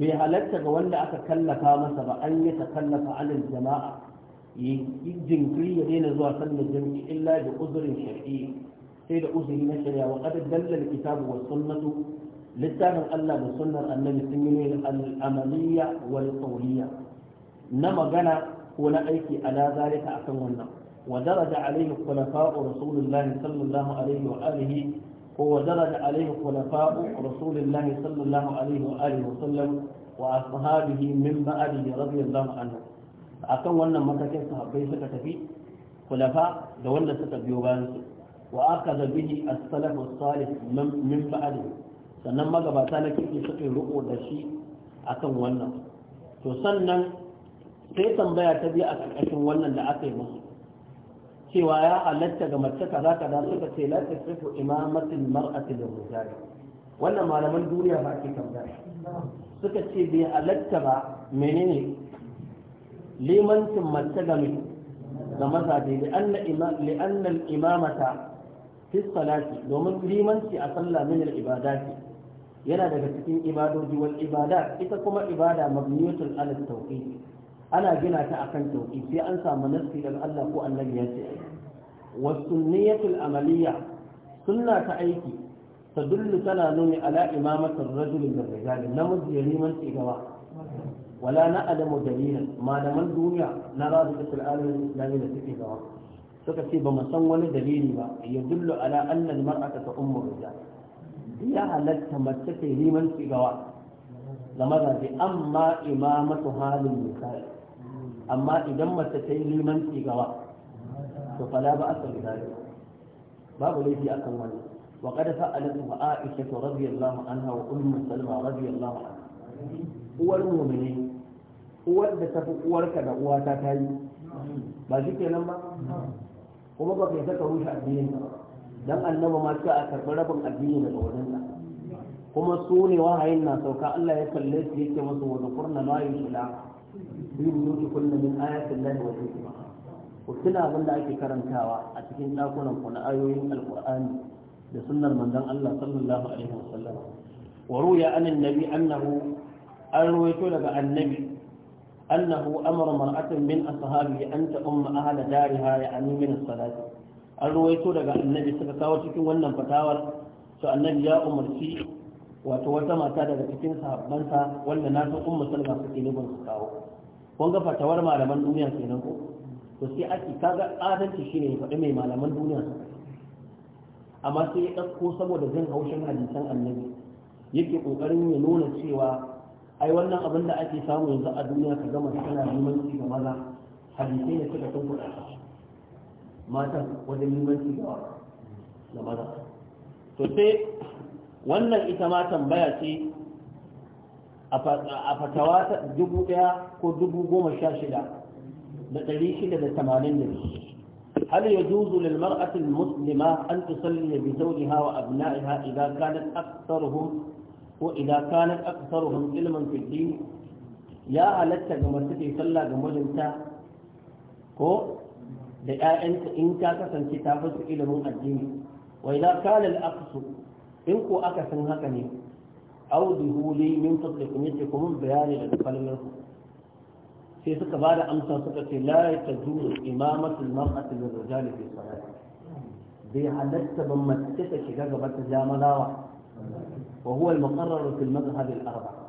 bai ga wanda aka kallafa masa ba an yi ta kallafa jama'a yi jinkiri ya daina zuwa sannan jami'i illa da uzurin shar'i sai da uzuri na shari'a wa qad dalla kitabu was sunnatu littafin Allah da sunnar annabi sun yi da amaliyya wal qawliyya na magana ko na aiki ala zalika akan wannan wa daraja alaihi khulafa'u rasulullahi sallallahu alaihi wa alihi ودرج عليه خلفاء رسول الله صلى الله عليه وآله وسلم وأصحابه من بعده رضي الله عنهم akan wannan matakin sahabbai suka tafi kulafa da wanda suka biyo bayan su wa aka da bihi a salaf as-salih min ba'd sannan magabata na kike suka riko da shi akan wannan to sannan sai tambaya ta biya a ƙarƙashin wannan da aka yi musu cewa ya halatta ga mace kaza kaza suka ce la tasrifu imamatin mar'ati lil rijal wannan malaman duniya ba ke tambaya suka ce bai halatta ba menene limancin mace ga mai ga dai, li'anna imamata fi salati domin limanci a sallah min al-ibadati yana daga cikin ibadoji wal ibada ita kuma ibada mabniyatul ala tawqi ana gina ta akan tauki sai an samu nasi daga Allah ko annabi ya ce wa sunniyatul amaliyya sunna ta aiki tadullu tana nuni ala imamatul rajulin da rijal namiji ya limanci gaba ولا نعلم دليلا ما لم الدنيا نرى ذلك العالم الإسلامي لتكي ذوان سكتي بمسن ولا دليل ما يدل على أن المرأة تؤم الرجال هي التي تمتكي لمن في ذوان لماذا ذي أما إمامتها للنساء أما إذا متكي لمن في ذوان فلا بأس بذلك باب ليس اكمل وقد سألته عائشة رضي الله عنها وأم سلمى رضي الله عنها uwar mumini uwar da tafi uwarka da uwata ta yi ba shi kenan ba kuma ba kai saka rushe addinin ba dan annaba ma ta a karɓi rabin addini daga wajen ta kuma su ne wahayin na sauka Allah ya kalle su yake masa wa zakurna ma yushila bi buyuti kunna min ayatin lahi wa kuma. ku tuna abin da ake karantawa a cikin dakunan ku na ayoyin alqur'ani da sunnar manzon Allah sallallahu alaihi wasallam wa ruya anan nabi annahu an ruwaito daga annabi annahu amara mar'atan min ashabi an umma ahla dariha ya'ni min as-salat an ruwaito daga annabi suka kawo cikin wannan fatawar to annabi ya umarci wato wata mata daga cikin sahabbansa wanda na san umma salma suke nufin su kawo kun ga fatawar malaman duniya kenan ko to sai ake kaga adalci shine ya faɗi mai malaman duniya amma sai ya ɗauko saboda jin haushin hadisan annabi yake ƙoƙarin ya nuna cewa ai wannan abin da ake samu yanzu a duniya ka gama tana limanci ga maza hadisai ne suka tun kuɗa mata wajen limanci ga maza to sai wannan ita ma tambaya ce a fatawa ta dubu ɗaya ko dubu goma sha shida da ɗari shida da tamanin da هل يجوز للمرأة المسلمة أن تصلي بزوجها وأبنائها إذا كانت أكثرهم ko idan kanan aktsaruhum ilman ilimin din ya halatta ga masu ke sallah ga mijinta ko da ƴaƴanta in ta kasance ta fi su ilimin addini wa idan kana al in ko aka san haka ne Audu li min fadlikum yace bayani da kalmar sai suka ba da amsa suka ce la ya ta zuru imamatul mar'ati lil fi salat bai halatta ban mace ta shiga gaba ta ja وهو المقرر في المذهب الأربعة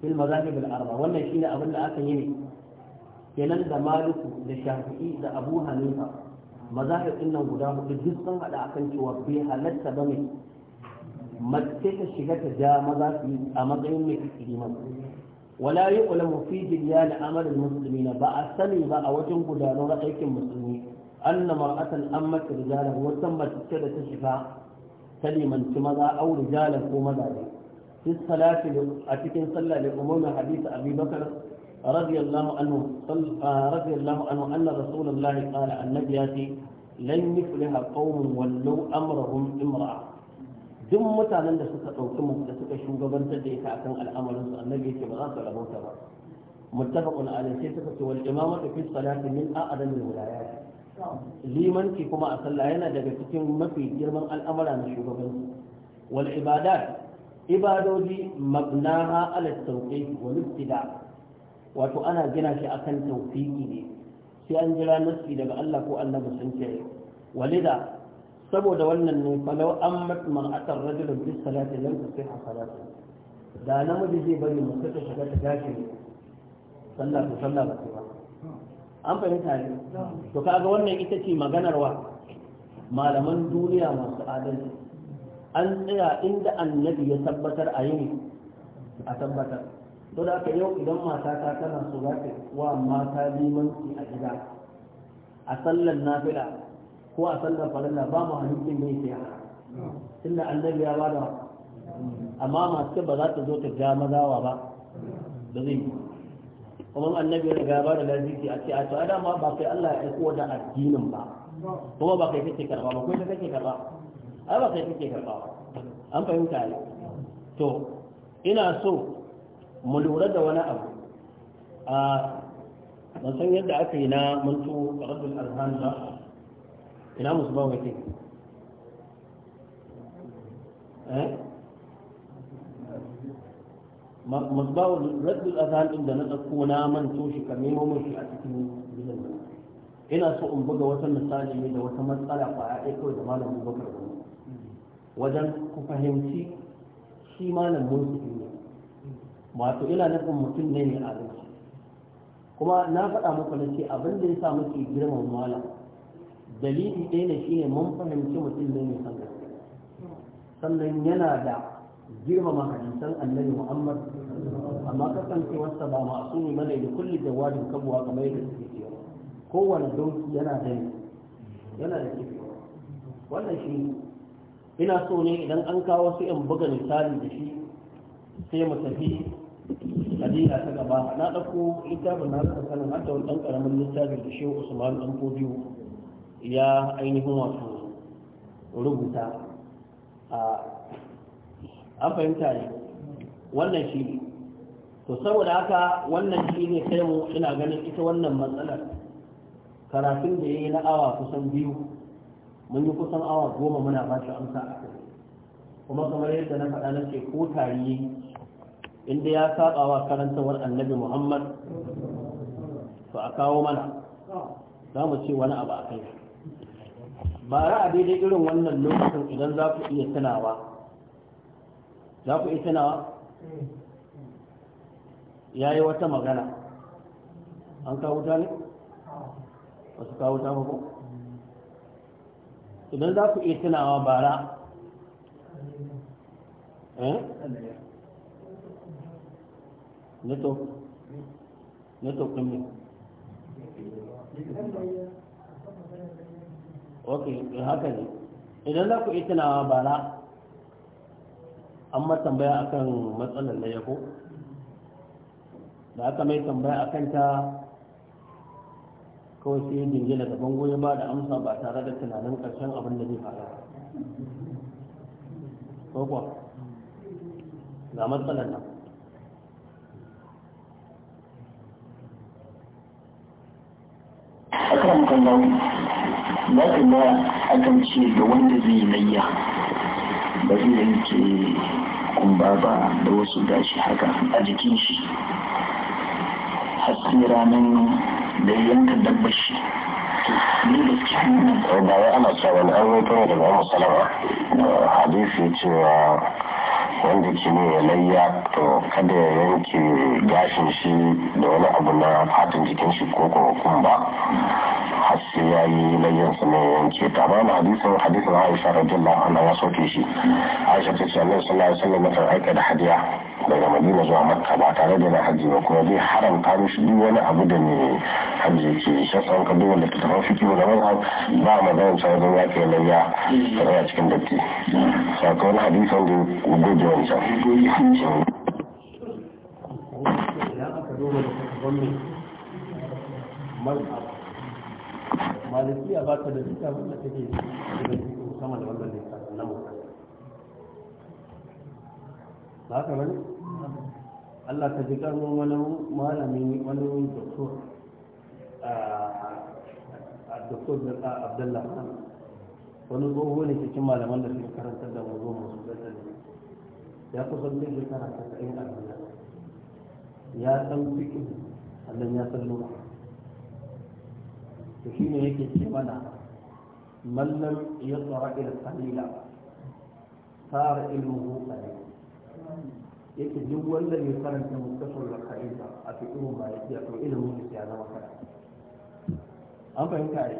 في المذاهب الأربعة ولا شيء أبدا أكيني kenan da maliku da shafi'i da abu hanifa mazahir din nan guda hudu duk sun hada akan cewa bai halatta ba mai mace ta shiga ta ja maza su yi a matsayin mai liman wala yi ulamu musulmina ba a sani ba a wajen gudanar aikin musulmi anna mar'atan an mata rijalan wata mace da ta shiga kalimanci maza au rijalan ko mazaje fi salati a cikin sallah da umumin hadisi abi bakar radiyallahu anhu radiyallahu anhu anna rasulullah qala annabi yati lan yufliha qaumun wallau amrahum imra'a duk mutanen da suka dauki mu da suka shugabantar da ita akan al'amarin su annabi yake ba za su rabauta ba muttafaqun alayhi sai suka ce wal imamatu fi salati min a'dami al-wilayat limanci kuma a sallah yana daga cikin mafi girman al'amura na shugabanci wal ibadat ibadoji mabnaha ala tawqiq wal ibtida wato ana gina shi akan tawfiqi ne sai an jira nasi daga Allah ko Annabi sun ce walida saboda wannan ne falau ammat mar'atar rajulun bis salati lam tusih salatu da namiji zai bari mutum ta shiga ta gashi sallah to sallah ba ta ba an fahimta ne to kaga wannan ita ce maganarwa malaman duniya masu adalci an tsaya inda annabi ya tabbatar a yi a tabbatar to da aka yau idan mata ta tana su za ta wa mata limanci a gida a sallar nafila ko a sallar falalla ba mu hannun mai ke tunda annabi ya da amma masu ba za ta zo ta ja mazawa ba da zai yi kuma annabi ya riga ba da laziki a ce a to dama ba kai Allah ya aiko da addinin ba kuma ba kai kake karba ba kai da kake karba ai ba kai kake karba an fahimta ne to ina so mu lura da wani abu a ban san yadda aka yi na mantu rabbul arham da ina musu ba wai eh masbawul رد الاذان din da na dauko na manto shi ka nemo mun a cikin gidan ina so in buga wata misali ne da wata matsala kwaya ɗaya da malam wajen ku fahimci shi malam wato ina nufin mutum ne mai adalci kuma na faɗa muku na ce abin da ya sa muke girman mala dalili ɗaya ne shine mun fahimci mutum ne mai san sannan yana da girmama hadisan annabi Muhammad amma kasance kasancewarsa ba masu ne mana da kulli jawabin kabuwa kamar yadda suke cewa kowanne doki yana da yana da kifewa wannan shi ina so ne idan an kawo wasu yan buga misali da shi sai mu tafi hadira ta gaba na ɗauko littafin na rasa sanin har da wani ɗan ƙaramin littafi da shehu usman ɗan biyu ya ainihin wato rubuta a an fahimta ne wannan shi ne to saboda haka wannan shi ne kai mu ina ganin ita wannan matsalar karatun da ya yi na awa kusan biyu mun yi kusan awa goma muna ba shi amsa a kai kuma kamar yadda na faɗa na ce ko tarihi inda ya saba wa karantawar annabi muhammad to a kawo mana za mu ce wani abu a kai ba ra'a daidai irin wannan lokacin idan za ku iya tunawa za ku iya tunawa ya yi wata magana an kawo ta ne Wasu kawuta kawo ta idan za ku iya tunawa bara neto eh? neto ok haka ne idan za ku iya tunawa bara an ma tambaya akan matsalar na yako da aka mai tambaya akan ta kawai sai dingila da bango ya ba da amsa ba tare da tunanin karshen abin da zai fara ko kuwa ga matsalar nan akan kallon na kuma akan ce ga wanda zai layya da zai yanke kumba ba da wasu gashi haka a jikin shi hatsi ranar da yanka dabbar shi da ya ana cewa na an wato ne daga amma da hadisi cewa wanda ke ne layya to kada ya yanke gashin shi da wani abu na fatan jikin shi ko kuma kumba har ya yi layin su ne yanke ta ba na hadisin hadisin aisha radiyallahu anha ya soke shi aisha ta ce annabi sallallahu alaihi wasallam kan da hadiya daga madina zuwa makka ba tare da na hajji ba kuma zai haramta mishi duk wani abu da ne hajji ke shi yasa ka ta littattafan fikihu da mazhab ba maganar sa wajen ya ke layya a cikin datti sakon hadisin da gudu wancan idan malikiya ba ta da littafin da take da cikin sama da wannan littafin na mutum ba ka bane Allah ta ji mun wani malami wani doktor a doktor da Abdullah wani tsoho ne cikin malaman da suke karanta da mu zo mu ya kusan zai karanta ta ta'in a ya san fikin sannan ya san lura to shine yake ce mana mallam ya tsara ila qalila sar ilmuhu qalil yake duk wanda ne karanta mustafa da ka'ida a fikirin ba yake to ilmu ne ya zama kada an fahimta ne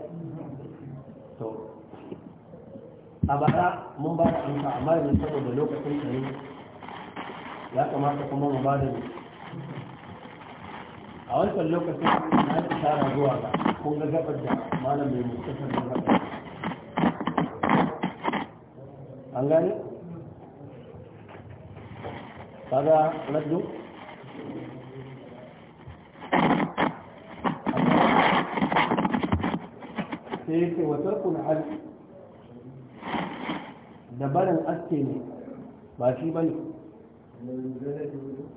to a bara mun ba da amsa amma yanzu saboda lokacin ne ya kamata kuma mu ba da a wancan lokacin na yi tara zuwa ba, kun ga gabar da malam mai mustafa da gabar an sai aske ne ba shi mai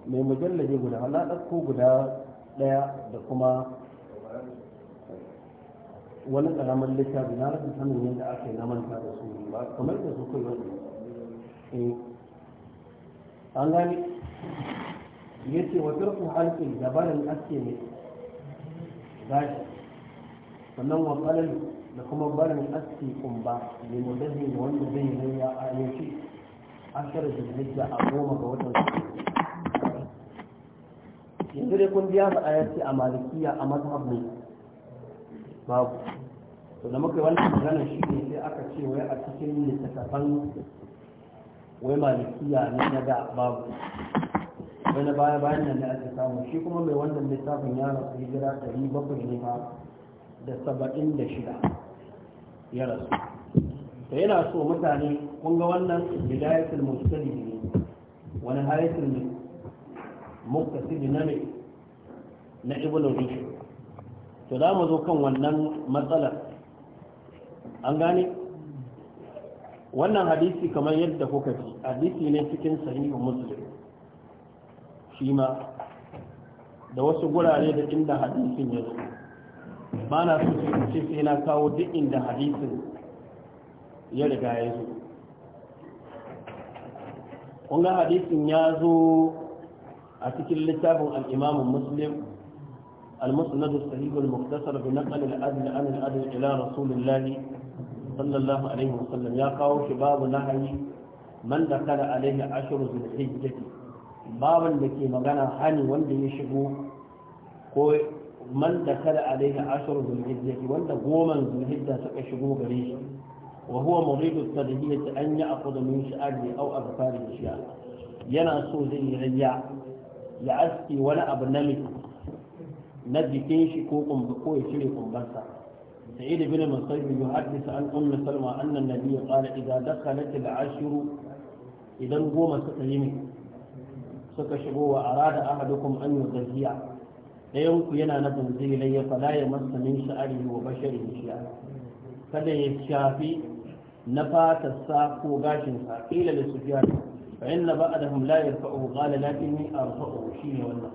mujallaje guda guda ɗaya da kuma wani ƙaramin littafi na rasa sanin yadda ake na manta da su ba kamar da su kai wani eh, an gani ya ce wa turkun da dabarin aske ne gashi sannan wa ƙalal da kuma barin aski kumba ne mudazin wanda zai yi ya a yanki ashirar da a goma ga watan yanzu dai kun biya ra'ayar ce a malikiya a mazhab ne babu to da muka yi wannan magana shi ne sai aka ce wai a cikin littattafan wai malikiya ne na da babu wai na baya bayan nan ne ake samu shi kuma mai wannan littafin ya rasu hijira ɗari bakwai ne ma da saba'in da shida ya rasu to yana so mutane kun ga wannan bidayatul mustali ne wani hayatul mustali muktasibi na ne na ibn to za mu zo kan wannan matsalar an gane wannan hadisi kamar yadda kuka ji hadisi ne cikin sahihu muslim shi ma da wasu gurare da inda hadisin ya zo ba na so ce sai na kawo duk inda hadisin ya riga ya zo kun hadisin ya zo a cikin littafin al-imam muslim المسند الصحيح المختصر بنقل العدل عن العدل الى رسول الله صلى الله عليه وسلم يا شباب نهي من دخل عليه عشر ذو الحجه باب لكي مغنى حني وند يشبو ko man da kada alaihi ashiru zulhijjati wanda goman zulhijja suka shigo gare shi wa huwa muridu tadhiyati an ya'khudha min sha'ri aw azfari shi'a yana so zai yi riya ya aske wani abu na mai na jikin shi ko kumbu ko ya cire kumbarsa sa'id bin musayyib yuhaddisa an ummu salma anna nabiyya qala idza dakhalat al-ashru idan goma suka yi suka shigo wa arada ahadukum an yuzhiya dayan ku yana nufin zai layya fala ya masa min sha'arihi wa basharihi shi'a kada ya shafi na sa ko gashinsa ƙila da su فإن بعدهم لا يرفعه قال لكني أرفعه شيء ولا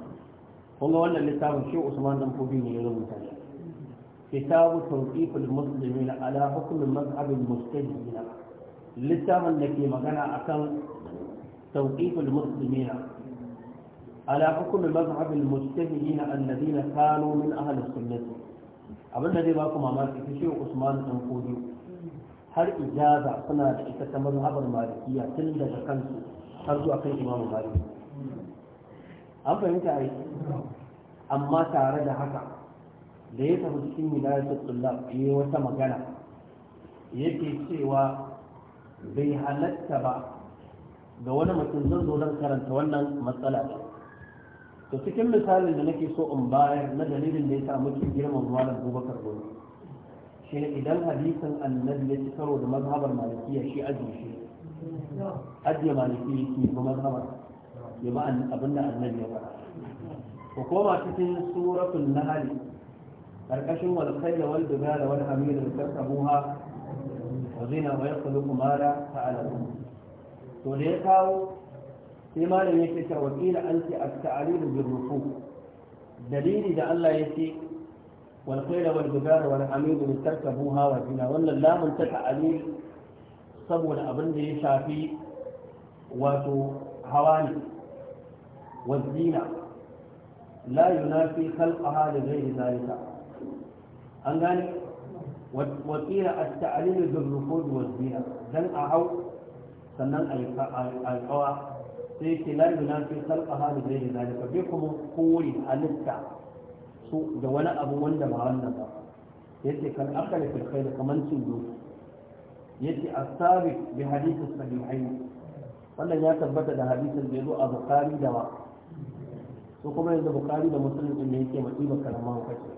هم ولا اللي شيء عثمان دمفوبيني يوم كتاب توقيف المسلمين على حكم المذهب المجتهدين littafin da ke magana akan tauqiful muslimina ala hukumin mazhabin mujtahidina alladhina kanu min ahli abin da zai ba ku mamaki ta usman dan kodi har ijaza suna da ita ta mazhabar malikiya tun daga kansu har zuwa kan imamu malik an fahimta yi amma tare da haka da ya tafi cikin milayar tattalla yi wata magana yake cewa bai halatta ba ga wani mutum zan zo don karanta wannan matsala ne to cikin misalin da nake so in bayar na dalilin da ya samu muke girman malam Abubakar Gombe shi idan hadisin annabi ya ci karo da mazhabar malikiya shi ajiye shi ajiye maliki yake ba mazhabar ya ba abin da annabi ya fara. ku koma cikin suratul nahl karkashin wal khayla wal dubala wal hamira tarkabuha wa zina wa yakhluqu ma la ta'lamun to da ya kawo sai malam yake cewa wakila an ce at-ta'lil bil rufu dalili da Allah yake wal khayla wal dubala wal hamira tarkabuha wa zina wannan lamun ta ta'lil saboda abin da ya shafi wato hawa ne wazina la yunafi khalqaha da ghairi zalika an gane wakila at-ta'lil bil rukuz wazina dan a hau sannan alƙawa sai ke la yunafi khalqaha da ghairi zalika bai kuma kore halitta su da wani abu wanda ba wannan ba yace kan akala fil khair kaman cin doki yake asabi bi hadith sahihai wannan ya tabbata da hadisin da yazo a bukhari da wa so kuma yanzu bukhari da muslim din ne yake madiba karama kace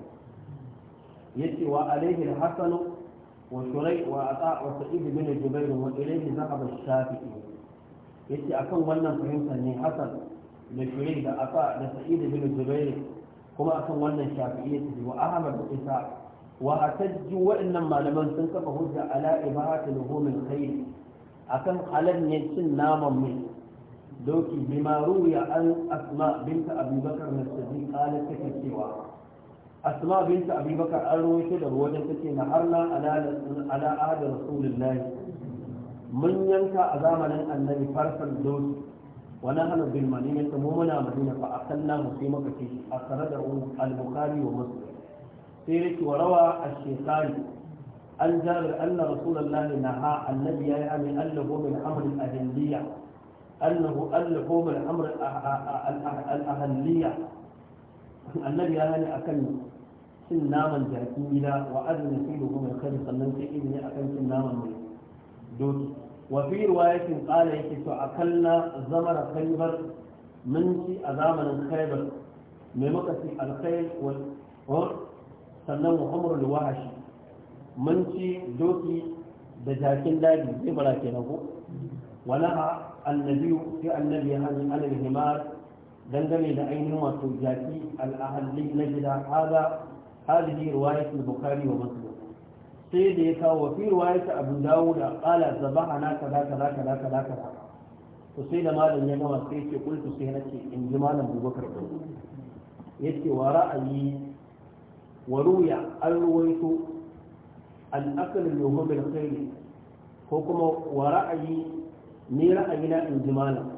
yace wa alayhi al wa shuray wa ata wa sa'id bin jubair wa ilayhi zahaba ash-shafi'i yace akan wannan fahimta ne hasan da shuray da ata da sa'id bin jubair kuma akan wannan shafi'i yace wa ahmad bin isa wa waɗannan malaman sun kafa hujja ala ibaratul humil khayr akan halal ne cin naman mai doki bima ruya an asma binta abubakar na sadi qalat take cewa asma binta abubakar an rawaito da wajen take na harna ala ala mun yanka a zamanin annabi farsal doki wa nahnu bil madinati mu muna madina fa muka da wa سيرك وروى الشيخان عن جابر أن رسول الله نهى النبي يعني أنه من أمر الأهلية أنه ألحوم الأمر الأهلية النبي يعني أكل cin naman jaki gida wa adana fi ruhu mai kari sannan sai izini a kan cin naman mai doki wa fi riwayatin qala yake to akalla zamar khaybar mun ci a zamanin khaybar me muka ci alkhayr wal sannan wa umar wahashi mun ci doki da jakin daji zai bara nago ko wala annabiyu sai annabi ya hanyar alal himar dangane da ainihin wato jaki al'ahalli na gida haza hadihi riwayat al-bukhari wa muslim sai da ya kawo fi riwayat abu dawud qala na kaza kaza kaza kaza kaza to sai da malam ya gama sai ce kultu sai nace in ji malam Ya ce wa ra'ayi وروي الرويت الأكل اليوم بالخير حكم ورأي ni ra'ayina in ji malam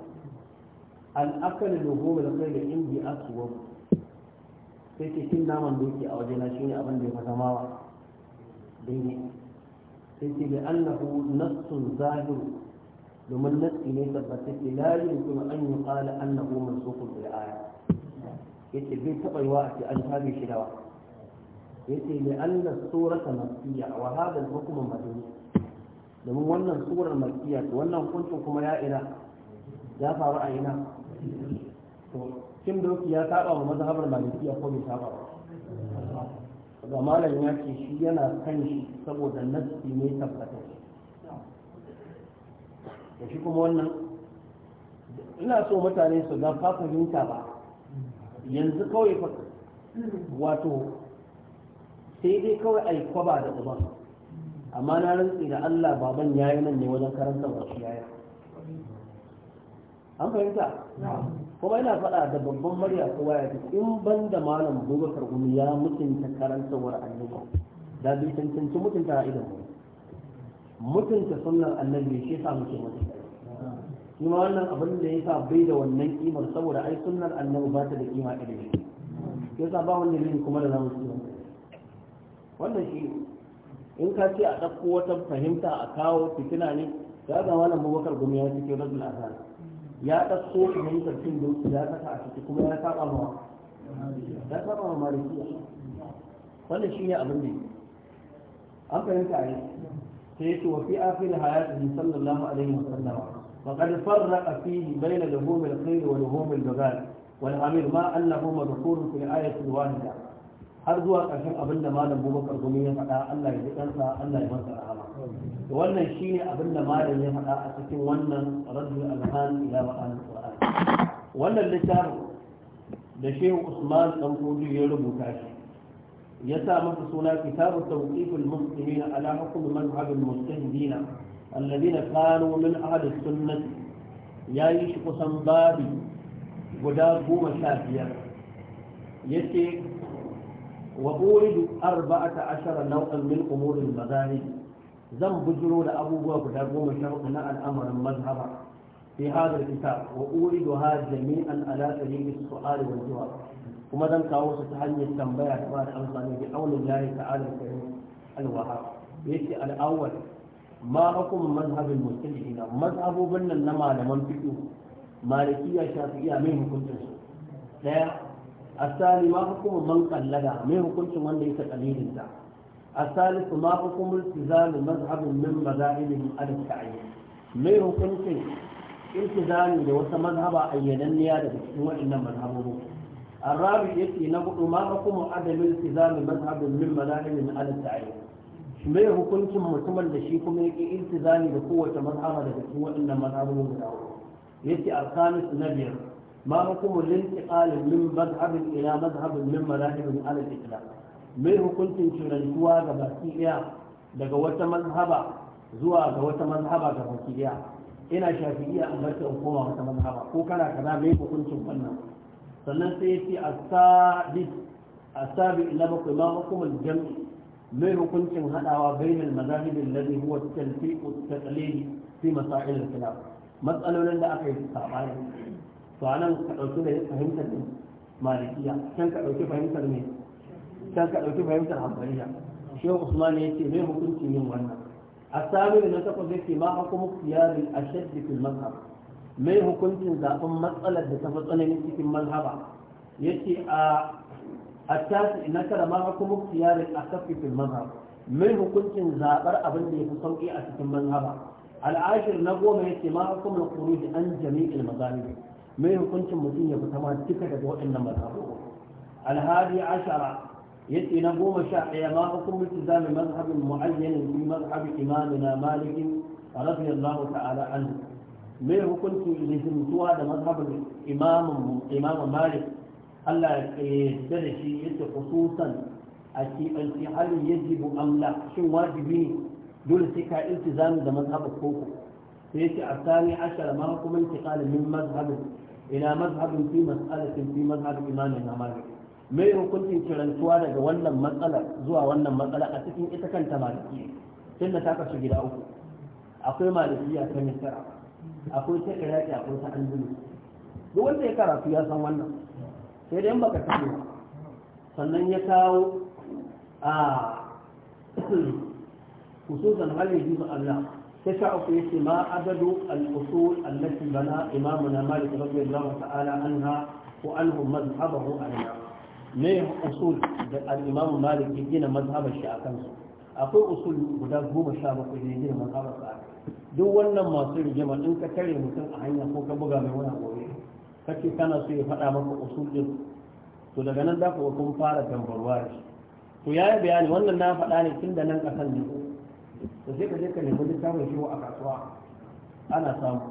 al'akali da goma da kai da indi asuwa sai ke cin naman doki a wajena shi ne abin da ya fata mawa daidai sai ce da annahu nassun zahir domin nassi ne tabbata ke layi kuma an yi kala annahu mansukun bil aya yace bai taba yiwa a ce an tabe shi dawa yace li anna surata makkiya wa hada al-hukm madani domin wannan surar makkiya to wannan hukuncin kuma ya ina ya faru a ina to kin doki ya saba wa mazhabar malikiya ko bai saba ba ga malam ya ce shi yana kan shi saboda nassi ne tabbata da shi kuma wannan ina so mutane su ga ka fahimta ba yanzu kawai wato sai dai kawai a yi kwaba da uban amma na rantsi da Allah baban ya yi nan ne wajen karanta wasu yaya an fahimta kuma ina faɗa da babban murya kowa ya in ban da malam buga gumi ya mutunta karantawar annabi da bai tantance mutunta a idan mutunta sunan annabi shi yasa muke mutunta shi ma wannan abin da ya sa bai da wannan kimar saboda ai sunan annabi ba ta da kima idan yasa ba wannan ne kuma da zamu ci wannan shi in ka ce a ɗauko wata fahimta a kawo fitina ne ya ga wannan mabakar gumi ya cikin rajul azhar ya ɗauko fahimtar cin doki ya saka a ciki kuma ya saba ma ya saba ma malikiya wannan shi ne abin da an fahimta a ne sai ya ce wa fi akhir hayatihi sallallahu alaihi wa sallam فقد فرق فيه بين لحوم الخير ولحوم البغال والعمير ما أنه مذكور في الآية الواحدة har zuwa ƙarshen abin da malam bubakar gumi ya faɗa Allah ya ji kansa Allah ya masa rahama to wannan shine abin da malam ya faɗa a cikin wannan raddul alhan ila ma'an qur'an wannan littafin da shehu usman dan ya rubuta shi ya sa masa suna kitabu tawqifil muslimin ala hukm manhabil mustahidina alladhina kanu min ahli sunnah yayi shi kusan babi guda goma sha biyar yace وأورد أربعة عشر نوعا من أمور المذاهب زم بجرو لأبو بكر دارهم شرطنا الأمر المذهب في هذا الكتاب وأوردها جميعا على سبيل السؤال والجواب وما دام كاوس تحني التنبيه كما أنصني بعون الله تعالى الكريم الوهاب يأتي الأول ما حكم مذهب المستلحين مذهب بن النما لمن فيه مالكية شافعية منه كنت لا الثاني ما حكم من قلدها ما حكم من ليس قليلا الثالث ما حكم التزام مذهب من مذاهبهم على التعيين ما حكم التزام لوسط مذهب عينني هذا بسوء إن مذهبه الرابع يأتي نقول ما حكم عدم التزام مذهب من مذاهب على التعيين ما حكم متمل لشيكم التزام لقوة مذهب هذا بسوء إن مذهبه يأتي الخامس نبيه ما حكم الانتقال من مذهب إلى مذهب من مذاهب على الإطلاق ما هو كنت تنشوا غباكي daga wata mazhaba zuwa ga wata mazhaba ga baki ina shafi'iyya an ta koma wata mazhaba ko kana kaza mai hukuncin wannan sannan sai yace as-sadis as-sabi ila bakwai ma hukumul jam'i mai hukuncin hadawa bainal mazahib alladhi huwa at-tanfiq at-taqlid fi masail al-khilaf matsalolin da aka yi sabani to a nan ka ɗauki da fahimtar ne malikiya can ka ɗauki fahimtar ne can ka ɗauki fahimtar hambaliya shehu usman ya ce mai hukuncin yin wannan a sami na takwas ya ce ma hukumu siyarin a shaddi fil mazhab mai hukuncin zaɓen matsalar da ta fi tsanani cikin mazhaba ya ce a التاسع نكر ما mai hukuncin الأخف abin da ya fi زابر a cikin في صوئي أتت المذهب العاشر نبوة ما يتي ما حكم الخروج عن جميع المذاهب mai hukuncin mutum ya fita ma duka daga waɗannan mazhabu alhadi ashara yace na goma sha ɗaya ma hukumin tizami mazhabin mu'ayyanin fi mazhabi imamina malikin radiyallahu ta'ala anhu mai hukuncin lizintuwa da mazhabin imamun malik Allah ya yarda da shi yace khususan a keɓance hali yajibu amla shin wajibi ne dole sai ka iltizami da mazhabin koko سيتي الثاني عشر ما هو انتقال من مذهب إلى مذهب في مسألة في مذهب إمامنا مالك mai hukuncin kirantuwa daga wannan matsala zuwa wannan matsala a cikin ita kanta malikiya tun da ta kashe gida uku akwai malikiya ta misira akwai ta iraki akwai ta andalus duk wanda ya karatu ya san wannan sai dai baka sani sannan ya kawo a kususan halin jisun allah تسع في ما عدد الأصول التي بنى إمامنا مالك رضي الله تعالى عنها وأنه مذهبه عليها ne usul da al'imamu malik ya gina mazhabar shi a kansu akwai usul guda goma sha bakwai da ya gina mazhabar sa duk wannan masu rigima in ka tare mutum a hanya ko ka buga mai wani gobe kace kana so ya faɗa maka usul din to daga nan za ka kun fara tambarwa shi to yayi bayani wannan na faɗa ne tun da nan ƙasan ne to sai ka je ka nemi littafin shehu a kasuwa ana samu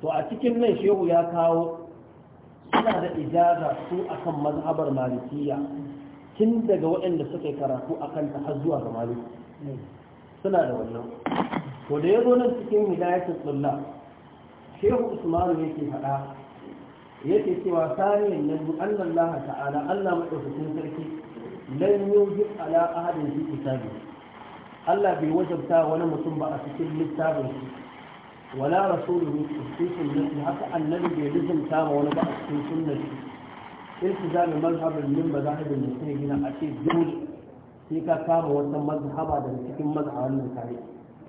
to a cikin nan shehu ya kawo suna da ijaza su akan mazhabar malikiya tun daga waɗanda suka karatu akan ta har zuwa ga maliki suna da wannan to da ya zo nan cikin hidayatul sunna shehu usmanu yake faɗa yake cewa saniyan nan annallaha ta'ala Allah madaukakin sarki lan yujib ala ahadin fi kitabihi Allah bai wajabta wani mutum ba a cikin littafin shi wala rasuluhu fi sunnati haka annabi bai lizumta ma wani ba a cikin su iltizami mazhabin min ba mazahibin da suke gina a ce dole sai ka kama wata mazhaba daga cikin mazhaban nan kare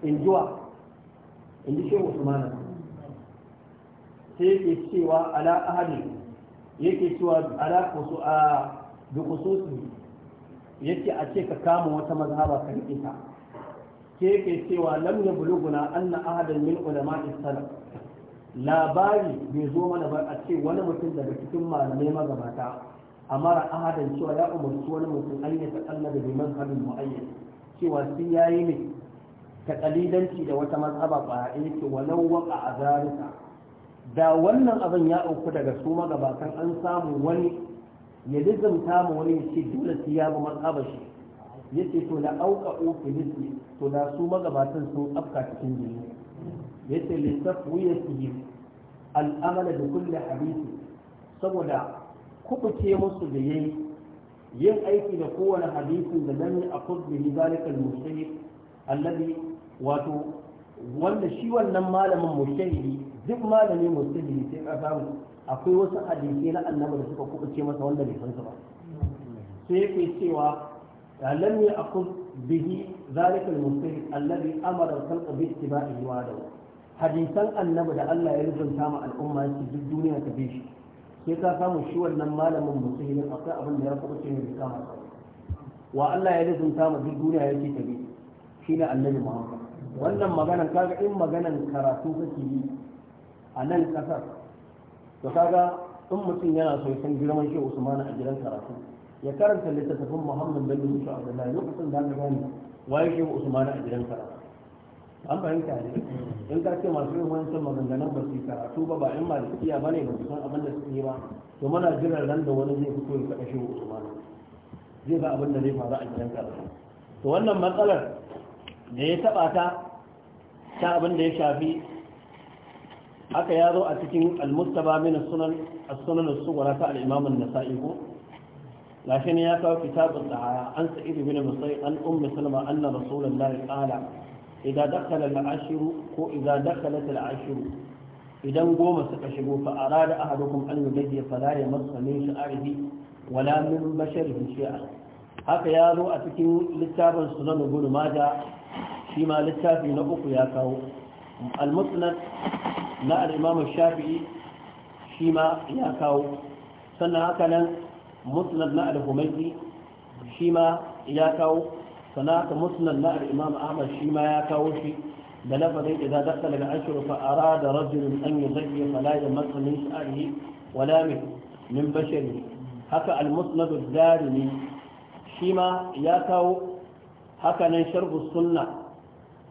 in jiwa in ji shehu usmana sai yake cewa ala ahadi yake cewa ala kusu a bi kususi yake a ce ka kama wata mazhaba ka ita. ta ke ke cewa lam ya buluguna anna ahadan min ulama salaf labari bai zo mana ba a ce wani mutum daga cikin malamai magabata A ahadan cewa ya umarci wani mutum an yi ta'alla da biman halin mu'ayyan cewa sun yayi ne ta kalidanci da wata mazhaba ba a yake walau waka a zarika da wannan abin ya auku daga su magabatan an samu wani ya lizimta mu wani ya ce dole su ya bi mazhabar ce to la auka uku nisbi to da su magabatan sun afka cikin jini yace li tafwiyatihi al al'amala da kulle hadisi saboda kubuce musu da yayi yin aiki da kowane hadisi da lam yaqud bihi zalika al-mujtahid wato wanda shi wannan malamin mujtahidi duk malami mujtahidi sai ka samu akwai wasu hadisi na annabi da suka kubuce masa wanda bai san su ba sai yake cewa لم يأخذ به ذلك المجتهد الذي أمر الخلق باتباعه وعده hadisan annabi da Allah ya rubuta ma al'umma su duk duniya ta bi shi sai ka samu shi wannan malamin musulmin akwai abin da ya kuɓa ce ne kama wa Allah ya rubuta ma duk duniya ya ce ta bi shi ne annabi Muhammad wannan maganan kaga in maganan karatu kake yi a nan kasar to kaga in mutum yana so girman shi Usman a gidan karatu ya karanta littattafin muhammad bello musu abdullahi lokacin da aka gane waye shi usman a gidan karatu an fahimta ne in ka ce masu yin wancan maganganun ba su karatu ba ba in malikiya ba ne ba su san abin da suke ba to muna jiran nan da wani zai fito ya faɗa shi usman zai ga abin da zai faru a gidan karatu to wannan matsalar da ya taɓa ta ta abin da ya shafi haka ya zo a cikin al-mustaba min sunan as-sunan as-sughra ta al-imam an-nasa'i ko لكن يا كتاب كتاب الدعاء عن سعيد بن مصير عن أم سلمة أن رسول الله قال إذا دخل العشر إذا دخلت العشر إذا قوم سكشبوا فأراد أحدكم أن يبدي فلا يمس من شعره ولا من بشره شيئا haka ya zo a cikin littafin sunan gudu maja shi ma littafi na uku ya kawo al-musnad na al-imam shafi'i shi ma ya kawo sannan haka nan musnad na al shi ma ya kawo sanaka musnad na al-imam ahmad shi ma ya kawo shi da lafazin idza dakhala al-ashr fa arada rajulun an yuzakki fala yamassa min sha'rihi wala min basharihi haka al-musnad ad-darimi shi ma ya kawo haka nan sharh sunna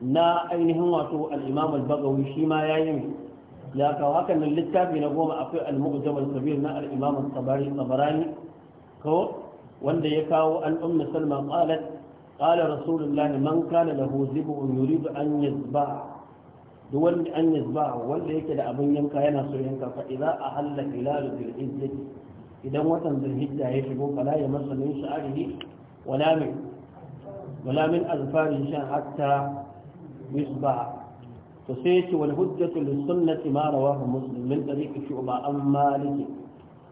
na ainihin wato al-imam al shi ma ya kawo littafi na goma akwai al-mu'jam na al kawo wanda ya kawo an salma qalat qala rasulullah man kana lahu zibun yuridu an yasba duk wanda an yasba wanda yake da abin yanka yana so yanka fa idza ahalla hilalu bil izzati idan watan zulhijja ya shigo fala ya masa min sha'rihi wala min wala min azfarin shan hatta yusba to sai yace wal hujjatu lis sunnati ma rawahu muslim min tariqi shu'ba an malik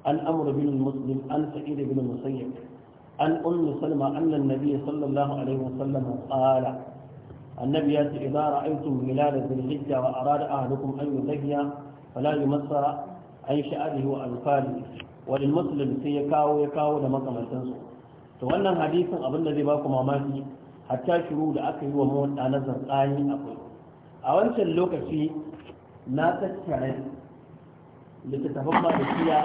عن أمر بن المسلم عن سعيد بن المسيب عن أم سلمة أن النبي صلى الله عليه وسلم قال النبي إذا رأيتم هلال ذي الحجة وأراد أهلكم أن يزكي فلا يمس عن شعره وأنفاله وللمسلم سيكاو يكاو لما كما تنسوا تولى حديث أبن الذي باكم أمامي حتى شروع لأكل وموت أنا زرقاني أقول أولا اللوكة في na tattare littattafan malikiya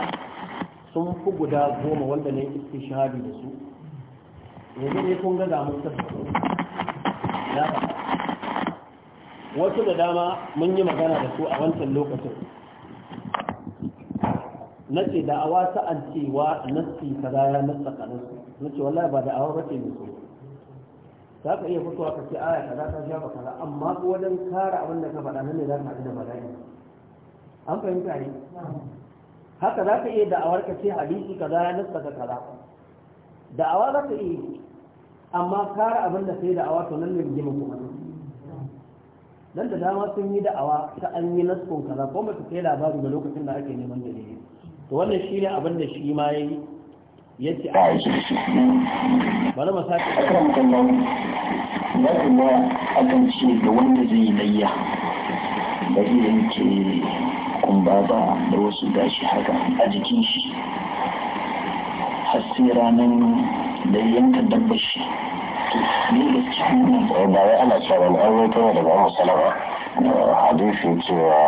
sun fi guda goma wanda na yi shahadi da su yanzu ne kun ga damun tabbata wasu da dama mun yi magana da su a wancan lokacin na ce da awa sa'an cewa nassi kaza na tsakanin su na ce wallahi ba da awa ba ne so za ka iya fitowa ka ce aya za ta shafa za amma ko wajen kara abin da ka faɗa nan ne za ka haɗu da bala'i an fahimta ne haka za ka iya da'awar ka ce hadisi kaza ya nasta ka kaza da'awa za ka iya amma kare abin da sai da'awa to nan ne rigi mu kuma dan da dama sun yi da'awa ta an yi naskon kaza ko ba su kai labari ga lokacin da ake neman dalili to wannan shi ne abin da shi ma yayi yace a bari mu sake ya kuma akan ce da wanda zai layya da zai yanke kan baba da wasu gashi haka a jikin shi har ranar da yanka dabba shi ne cikin wannan ba wai ana cewa ne an wato ne daga Ummu eh, hadisi cewa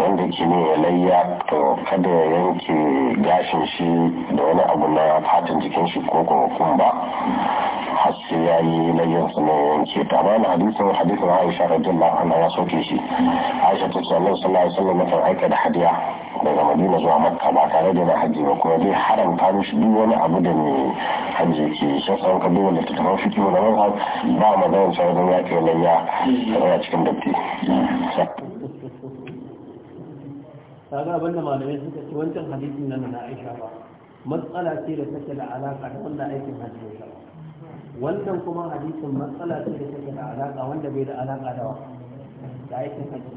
wanda ke ne ya layya to kada ya yanke gashin shi da wani abu na fatan jikin shi ko kuma ba. sai ya yi layin su ne yanke ta hadisin hadisin aisha radiyallahu anha ya soke shi aisha ta ce annabi sallallahu alaihi wasallam kan aika da hadiya daga madina zuwa makka ba tare da na hajji ba kuma zai haramta mishi duk wani abu da mai hajji ke shi sa ka duba da tattafan fiki wani mazhab ba maganar sa wajen yaƙi ya tsaya cikin datti kaga abin da malamai suka ci wancan hadisin nan na Aisha ba matsala ce da take da alaka da wannan aikin hajji wannan kuma hadisin matsala ce da take da alaƙa wanda bai da alaƙa da da aikin haji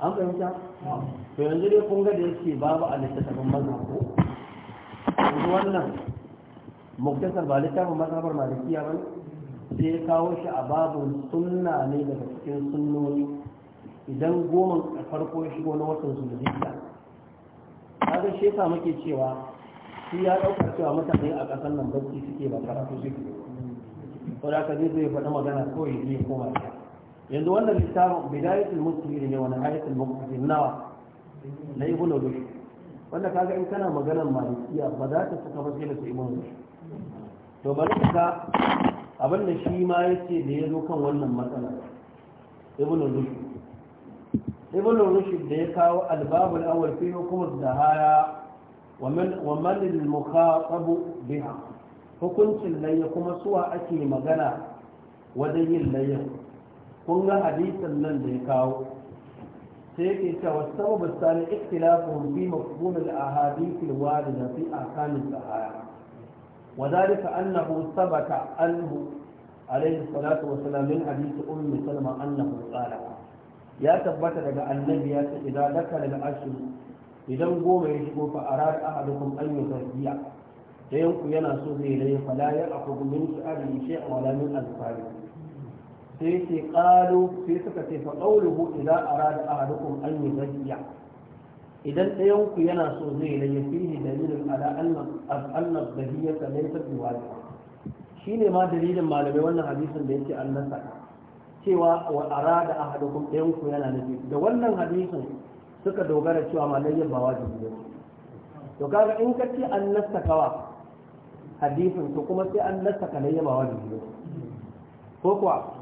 an fahimta to yanzu dai kun ga da yake babu a littattafin mazhabu yanzu wannan muktasar ba littafin mazhabar malikiya ba sai ya kawo shi a babu sunna ne daga cikin sunnoni idan goma farko ya shigo na watan zulhijja kaga shi yasa muke cewa shi ya ɗaukar cewa mutane a ƙasar nan barci suke ba karatu suke ko da ka zai zai faɗi magana kawai zai koma yanzu wannan littafin bidayatul muslimin ne wani ayatul muqtasim nawa na ibnu rushd wanda kaga in kana maganar malikiya ba za ta saka ba sai da su ibnu rushd to bari ka abin da shi ma yake da ya zo kan wannan matsala ibnu rushd ibnu rushd da ya kawo albabul awwal fi hukumar dahaya ومن المخاطب بها hukuncin layya kuma suwa ake magana wajen yin layya kun ga hadisan nan da ya kawo sai ta cewa sababu sani ikhtilafuhum fi mafhum al-ahadith al-warida fi ahkam al-sahaya wa dhalika annahu sabata anhu alayhi salatu wa salam min hadith annahu ya tabbata daga annabi ya ce idan dakala idan goma ya shigo fa a ahadukum an zargiya, dayan ku yana so zai rayu fala a aqubu min su'ali shay'an wala min azfari sai ce qalu sai suka ce fa a idza a ahadukum an zargiya. idan dayan yana so zai rayu fihi dalilin ala ta anna dhiyata laysa Shi ne ma dalilin malamai wannan hadisin da yake annasa cewa wa arada ahadukum dayan ku yana nufi da wannan hadisin suka dogara cewa malayyan ba wajibi ne to kaga in ka ce an nassaka wa hadisin to kuma sai an nassaka layya ba wajibi ne ko kuwa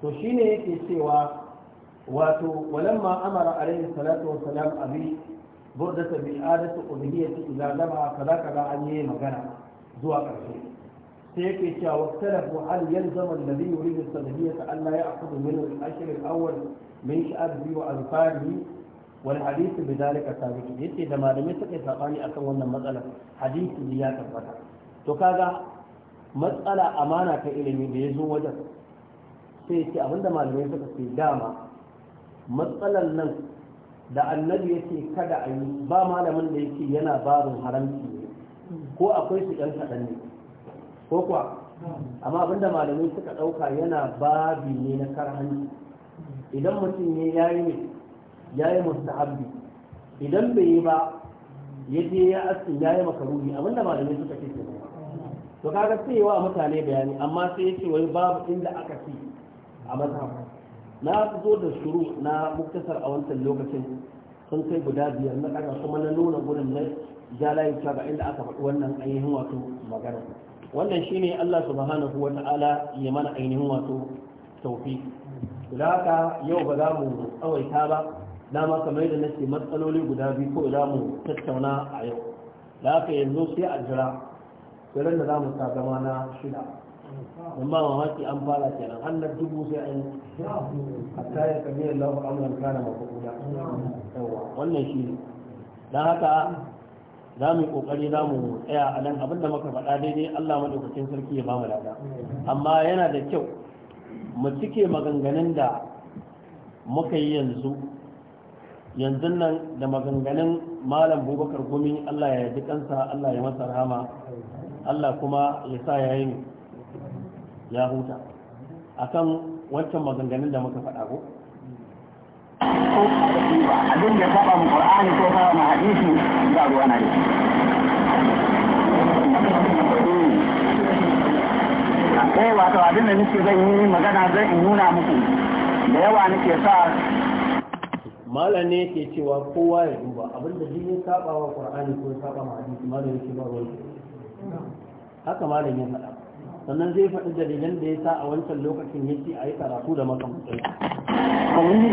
to shine yake cewa wato walamma amara alaihi salatu wassalam abi burdata bi adatu ubudiyati idan zama kaza kaza an yi magana zuwa ƙarshe sai yake cewa waktalafu hal yalzama alladhi yuridu as-salafiyyata an la ya'khudhu minhu al-ashr al-awwal min sha'abihi wa anfarihi Wani hadisi bi zalika sabit yace da malamai suka sabani akan wannan matsalar hadisi ya tabbata to kaga matsala amana ta ilimi da ya zo wajen sai ce abinda malamai suka ce dama matsalar nan da annabi yake kada a yi ba malamin da yake yana babin haramci ne ko akwai su ɗan kaɗan ne ko kuwa amma abinda malamai suka ɗauka yana babi ne na karhanci idan mutum ne ya yi ya yi mustahabbi idan bai yi ba ya je ya aski ya yi makaruhi abinda malamai suka ce ke to kaga sai wa mutane bayani amma sai ya ce wai babu inda aka ci a mazhab na zo da shuru na muktasar a wancan lokacin sun kai guda biyar na kaga kuma na nuna gurin na jalayin ga inda aka faɗi wannan ainihin wato magana wannan shine Allah subhanahu wa ta'ala ya mana ainihin wato tawfiq da haka yau ba za mu tsawaita ba dama kamar yadda nake matsaloli guda biyu ko za mu tattauna a yau da aka yanzu sai a jira tsirin da za mu sa zama na shida don ba mamaki an fara kenan an na dubu sai an a kayan kamiyar lafa amuran kana mafakuda yawa wannan shi ne don haka za mu yi kokari za mu tsaya a nan abin da muka faɗa daidai allah maɗaukacin sarki ya ba mu dada amma yana da kyau mu cike maganganun da muka yi yanzu yanzu nan da maganganun malam bubakar gumi allah ya yi kansa allah ya masa rahama allah kuma ya sa ya yi ya huta a kan wancan maganganun da muka faɗa ko abin da saba mu qur'ani ko saba mu hadisi ga ruwa na da kai wato abin da nake zan yi magana zan nuna muku da yawa nake sa malam ne yake cewa kowa ya duba abinda da ya saba wa qur'ani ko ya saba ma hadisi malam yake ba ruwan haka malam ya faɗa sannan zai faɗi dalilan da ya sa a wancan lokacin ya ce a yi karatu da makamantan domin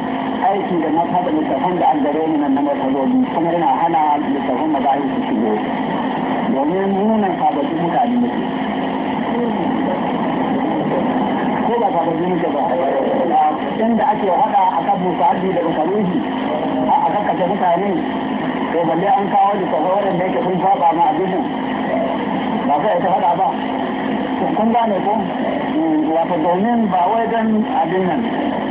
aikin da na saba littafan da an gare ni nan na matsaloli kuma yana hana littafan da bayan su shigo domin nunan sababbin mutane ne ko ba sababbin mutane ba lokacin da ake faɗa a kan musahabi da musarufi a a kakkace mutane to balle an kawo da tsagorin da yake sun saba ma addinin ba sai ta faɗa ba kun gane ko wato domin ba wai don abin nan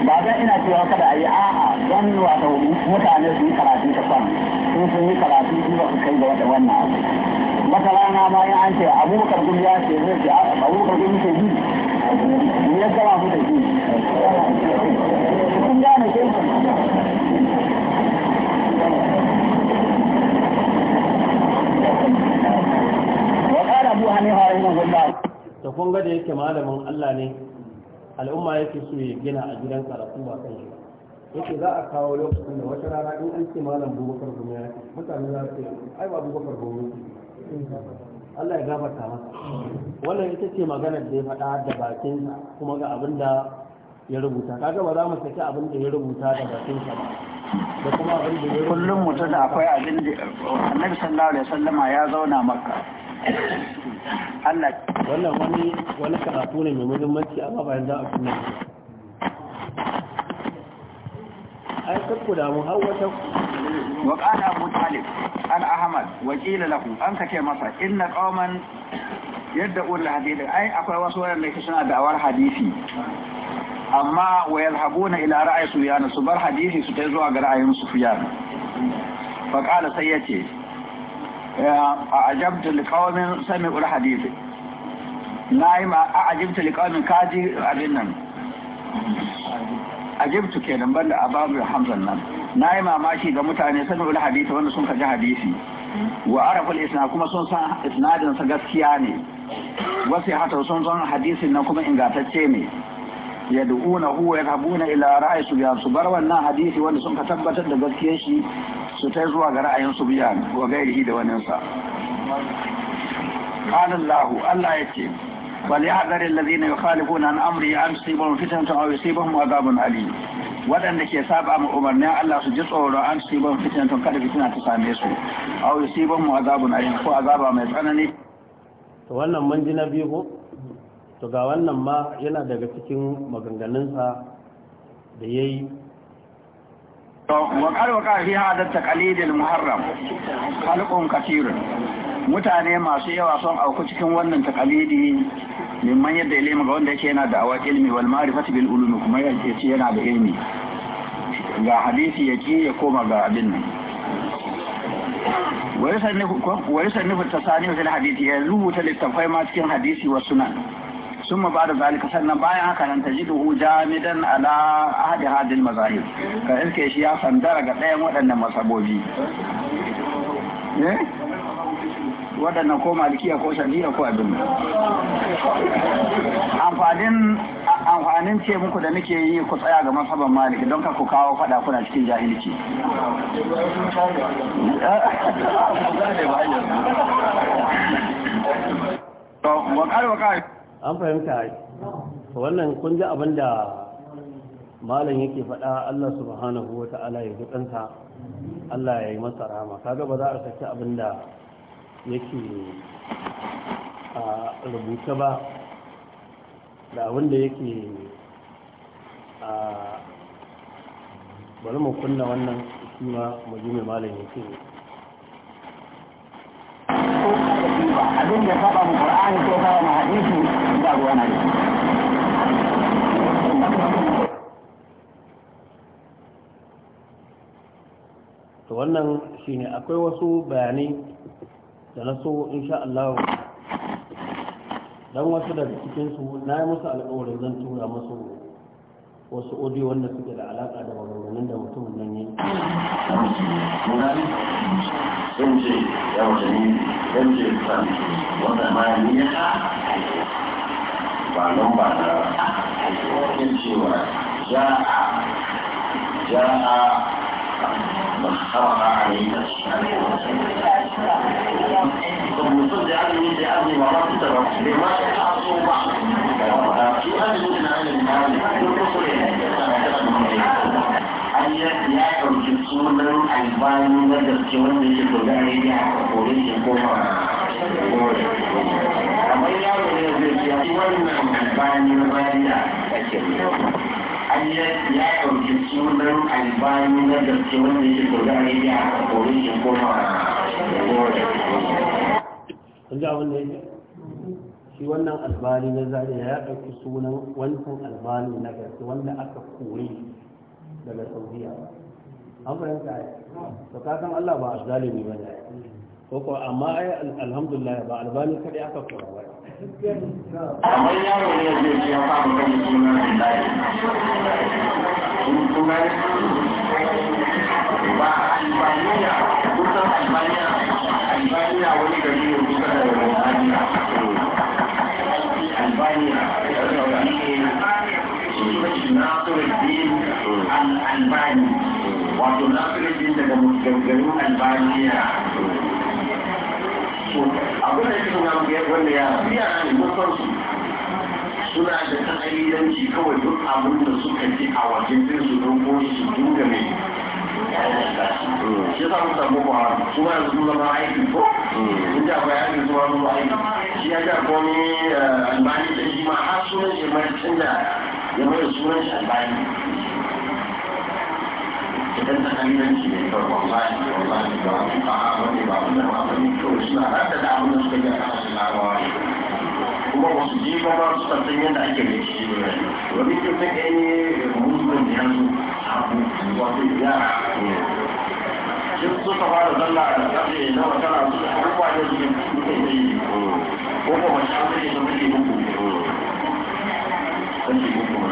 ba zan ina cewa kada a yi a don wato mutane su yi karatu ta kwan sun sun yi karatu su ba su kai ga wata wannan abu wata ma yi an ce abubakar gumi ya ce zai ce abubakar gumi ce bi ya gaba da shi kun gane da kun yake malamin Allah ne al'umma yake su ya gina a gidan karatu ba kan shi yake za a kawo lokacin da wata rana in an ce malam bubakar gumi ya ce mutane za su ce ai ba bubakar gumi Allah ya gafarta masa wannan ita ce maganar da ya faɗa da bakinsa kuma ga abin da ya rubuta kaga ba za mu saki abin da ya rubuta da bakin sa ba da kuma abin da ya kullum mutum da akwai abin da annabi sallallahu alaihi wasallama ya zauna makka Allah wannan wani wani karatu ne mai muhimmanci amma ba yanzu a sunan ai kakku mu har wata wa qala abu talib an ahmad wa qila lahu an kace masa inna qauman yad'u al-hadith ai akwai wasu wanda ke suna da'awar hadisi amma wa yalhabuna ila ra'ayi sufyan su bar hadisi su kai zuwa ga ra'ayin sufyan fa qala sai yace a ajabtu liqaumin sami'u al-hadith na'ima a ajabtu liqaumin kaji abin nan ajibtu kenan da a babu hamzan nan na yi mamaki ga mutane sun ul hadisi wanda sun kaji hadisi wa arafa isna kuma sun san isnadin sa gaskiya ne wasu hata sun san hadisin nan kuma ingantacce ne yad'una hu yadhabuna ila ra'ayi su su bar wannan hadisi wanda sun ka tabbatar da gaskiyar shi su tai zuwa ga ra'ayin su biya wa gairihi da wannan sa allah allah ce. وليحذر الذين يخالفون عن أمره أن تصيبهم فتنة أو يصيبهم عذاب أليم waɗanda ke saba ma umarnin Allah su ji tsoro an su ban fitina tun kada fitina ta same su aw yusiban mu azabun alim ko azaba mai tsanani to wannan mun ji na biyu ko to ga wannan ma yana daga cikin maganganunsa da yayi وقال وقع في هذا التقليد المحرم خلق كثير mutane masu yawa son auku cikin wannan takalidi mimman yadda ilimi ga wanda yake yana da awa ilmi wal ma'rifati bil ulumi kuma yace yana da ga hadisi ya ki ya koma ga abin nan wa yusannifu tasanifu fil hadisi ya rubuta littafai ma cikin hadisi wa sunan ثم بعد ذلك سنة بايا كان تجده جامدا على أحد هذه المذاهب كذلك شيئا سندرق دائما أن مصابوجي waɗannan ko malikiya ko shafiya ko abin amfanin amfanin ce muku da nake yi ku tsaya ga masaban maliki don ka ku kawo fada kuna cikin jahilci an fahimta wannan kun ji abin da malam yake faɗa Allah subhanahu wa ta'ala ya ji Allah ya yi masa rama kaga ba za a saki abin da yake a rubuta ba da abinda yake a bari mu kunna wannan shi ma mu ji mai malam yake ne wannan saba ne akwai wasu bayanai da na so insha Allah dan wasu daga cikin su na yi musu alƙawarin zan tura musu wasu audio wanda suke da alaƙa da maganganun da mutum nan yi sun ce ya wuce ni sun ce san wanda ma ni ya ba nan ba na yin cewa ja'a ja'a masarra a yi da shi المصد عن مثل أبن مرات ترى بما يحصل بعض في أجل من أهل المال يقصر أن يأكل جسولا ألباني مدرسة وانده شكولاني يأكل قولي شكولا kamar yaro ne zai ce shi wannan albani na bariya ake an ya ɗauki sunan albani na gaske wanda yake ko za a yi a kore shi koma kun da shi wannan albani na zariya ya ɗauki sunan wancan albani na gaske wanda aka koyi daga saudiya an fahimta ya to kakan allah ba a zalimi ba ne ko ko amma ai alhamdulillah ba albani kaɗai aka koya ba amma yaro ne ya ce ya fara kan sunan tafiya wani gari ne kusa da Romania Albania shi ne an Albani wato Nasiruddin daga garin Albania abin da yake nuna wanda ya biya ne mutan su suna da ta'ayyanci kawai duk abin da suka ji a wajen din su don ko su dinga mai 嗯，其他不怎么管，现在是什么蚂蚁帝嗯，人家管就是什么蚂现在国民呃蚂蚁经济嘛，它输那些么存在，也没有输那些单，就跟这个有点区别。搞外卖，搞外卖的话，你把外地的地话，是说还在那不能直接拿起来搞。kuma su je ba su san yadda ake da shi wani ke musulun ya abu wato sun fara zalla a ƙarfe na wata su ne yi ko kuma shi an sun muku sanke muku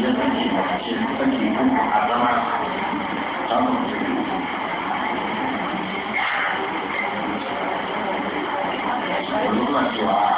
ya sanke masu sanke muku a zama samun Thank you.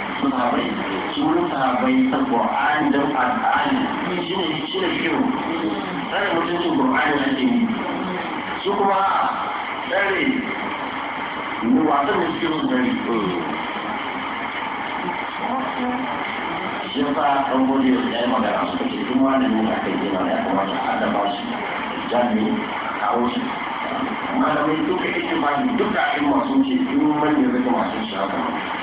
su sahabai su sahabai ta Qur'ani da Qur'ani shi ne shi ne kyau tsare mutuncin Qur'ani na ke su kuma tsare wasan da suke su tsare shi yasa ɗan gode ya yi magana suka ce duk wani ne na kai yana ya kamata a adaba shi jami'i kawo shi malamai duka ake ba duka ce zai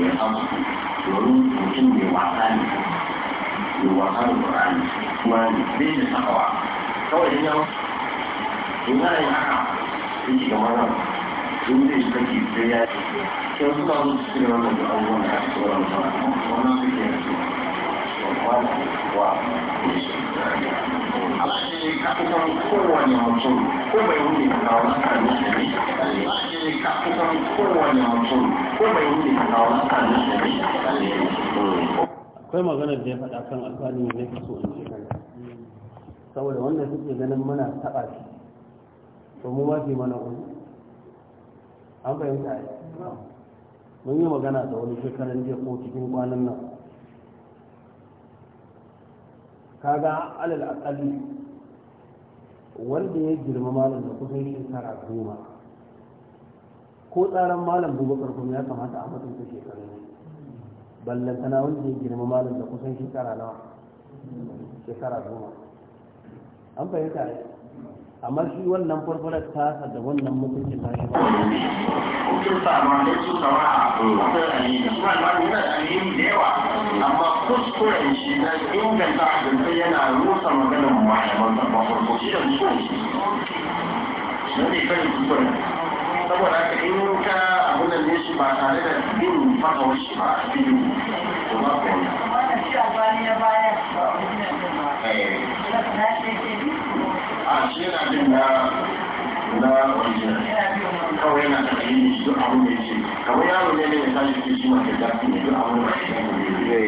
有附近的晚餐，有晚餐过来，过来，那时候啊，各位朋友，你看一下啊，最近晚上军队司机直接，下午到你食堂门口，我那食堂，我那一点，我管，我管，没事的。ce kafitan kowane mutum ko bai wuce kakawarsa musulmi ce kafitan kowane mutum ko bai wuce kakawarsa musulmi akwai maganar da ya faɗa kan alfani ne kaso in ce kan saboda wanda suke ganin muna taɓa shi to mu mafi mana wani an fahimta ne mun yi magana da wani shekaran jiya ko cikin kwanan nan Ka ga alal akalli wanda ya girma malam da kusan shekara goma ko tsaron malam gobe kuma ya kamata a matsinta shekaru ne ballantana wanda ya girma malam da kusan shekara nawa shekara goma an fahimta amma shi wannan farfarar tasa da wannan mutunci ta shi ba yana rusa da ba Wannan eh. na a ah, shi yana bin na na wajen kawai yana da kai ne abu mai ce kawai yaro ne ne ya tashi ke shi ma da dafi ne duk abu mai ce ne da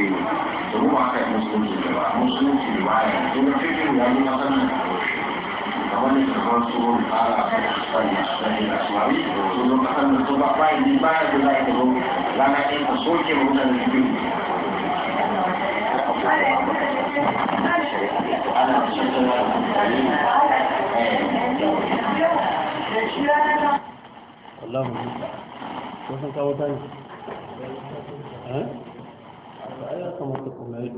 kuma aka yi musulunci da ba musulunci da ba ya yi na fikin ya yi na sanin da wani karfan tsoron tsara a kan sani a sani da suwari sun zo kasan da su ba ni ba ya za ɗin ka soke mutane biyu. Allah mu ko san ne eh? ya kamata ku mai da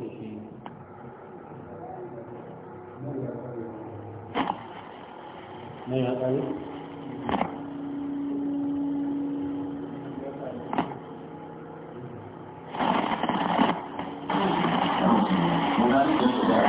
ne ya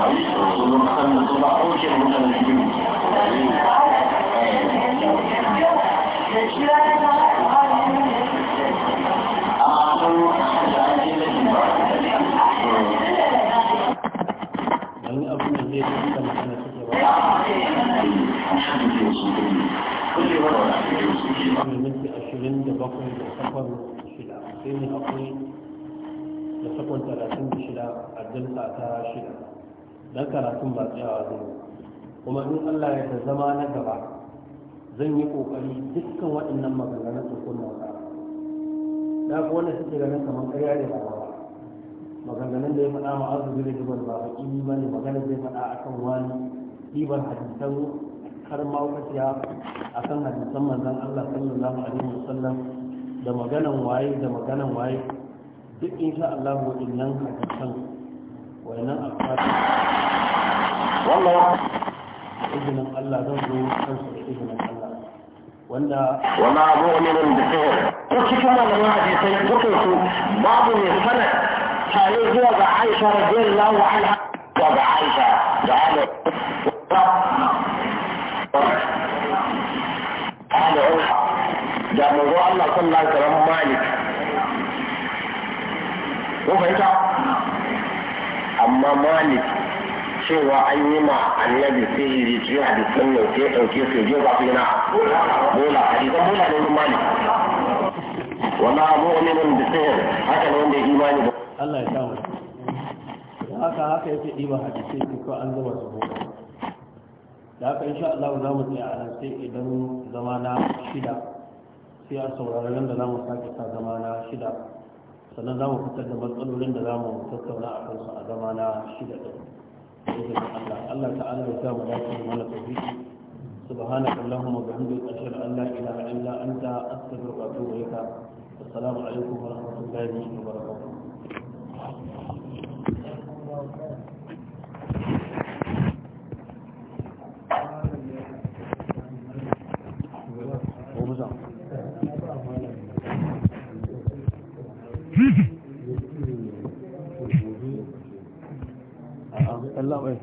その方のその本家の方の気分。dan karatun ba tsayawa zai kuma in Allah ya zama na gaba zan yi kokari dukkan waɗannan maganganun su kunna ka da ko wanda suke ganin kamar ƙarya ne ba maganganun da ya faɗa ma azubi da jibar ba baƙi ba ne maganar da ya faɗa akan wani ɗibar hadisan har mawukaciya a kan hadisan manzan Allah sallallahu alaihi wasallam da maganan waye da maganan waye duk insha Allah waɗannan hadisan wannan alfata wallah izinin Allah zan zo kansu da izinin Allah wanda wala mu'minun bi khair ko cikin wannan hadisi dukkan su babu ne sanad tare zuwa ga Aisha radiyallahu anha wa ga Aisha da Allah أهل أوحى ده موضوع الله صلى الله عليه وسلم مالك وفهمت amma malik cewa an yi ma annabi sihiri ce a nan sai ɗauke su je ba su yana bola hadisan bola ne kuma ne wala mu'minun da sihir haka ne wanda ya malik ba Allah ya mu haka haka yake diba hadisi su ko an zuba su bola da haka insha Allah za mu tsaya a nan sai idan zama na shida sai a sauraron da za mu sake sa zama na shida sannan za mu fitar da matsalolin da za mu tattauna a kansu a zama na shida da Allah Allah ta'ala ya samu dace da mana tafiki subhanaka allahumma bihamdika ashhadu an la ilaha illa anta astaghfiruka wa atubu ilaik assalamu alaikum wa rahmatullahi wa barakatuh Vamos Allah bai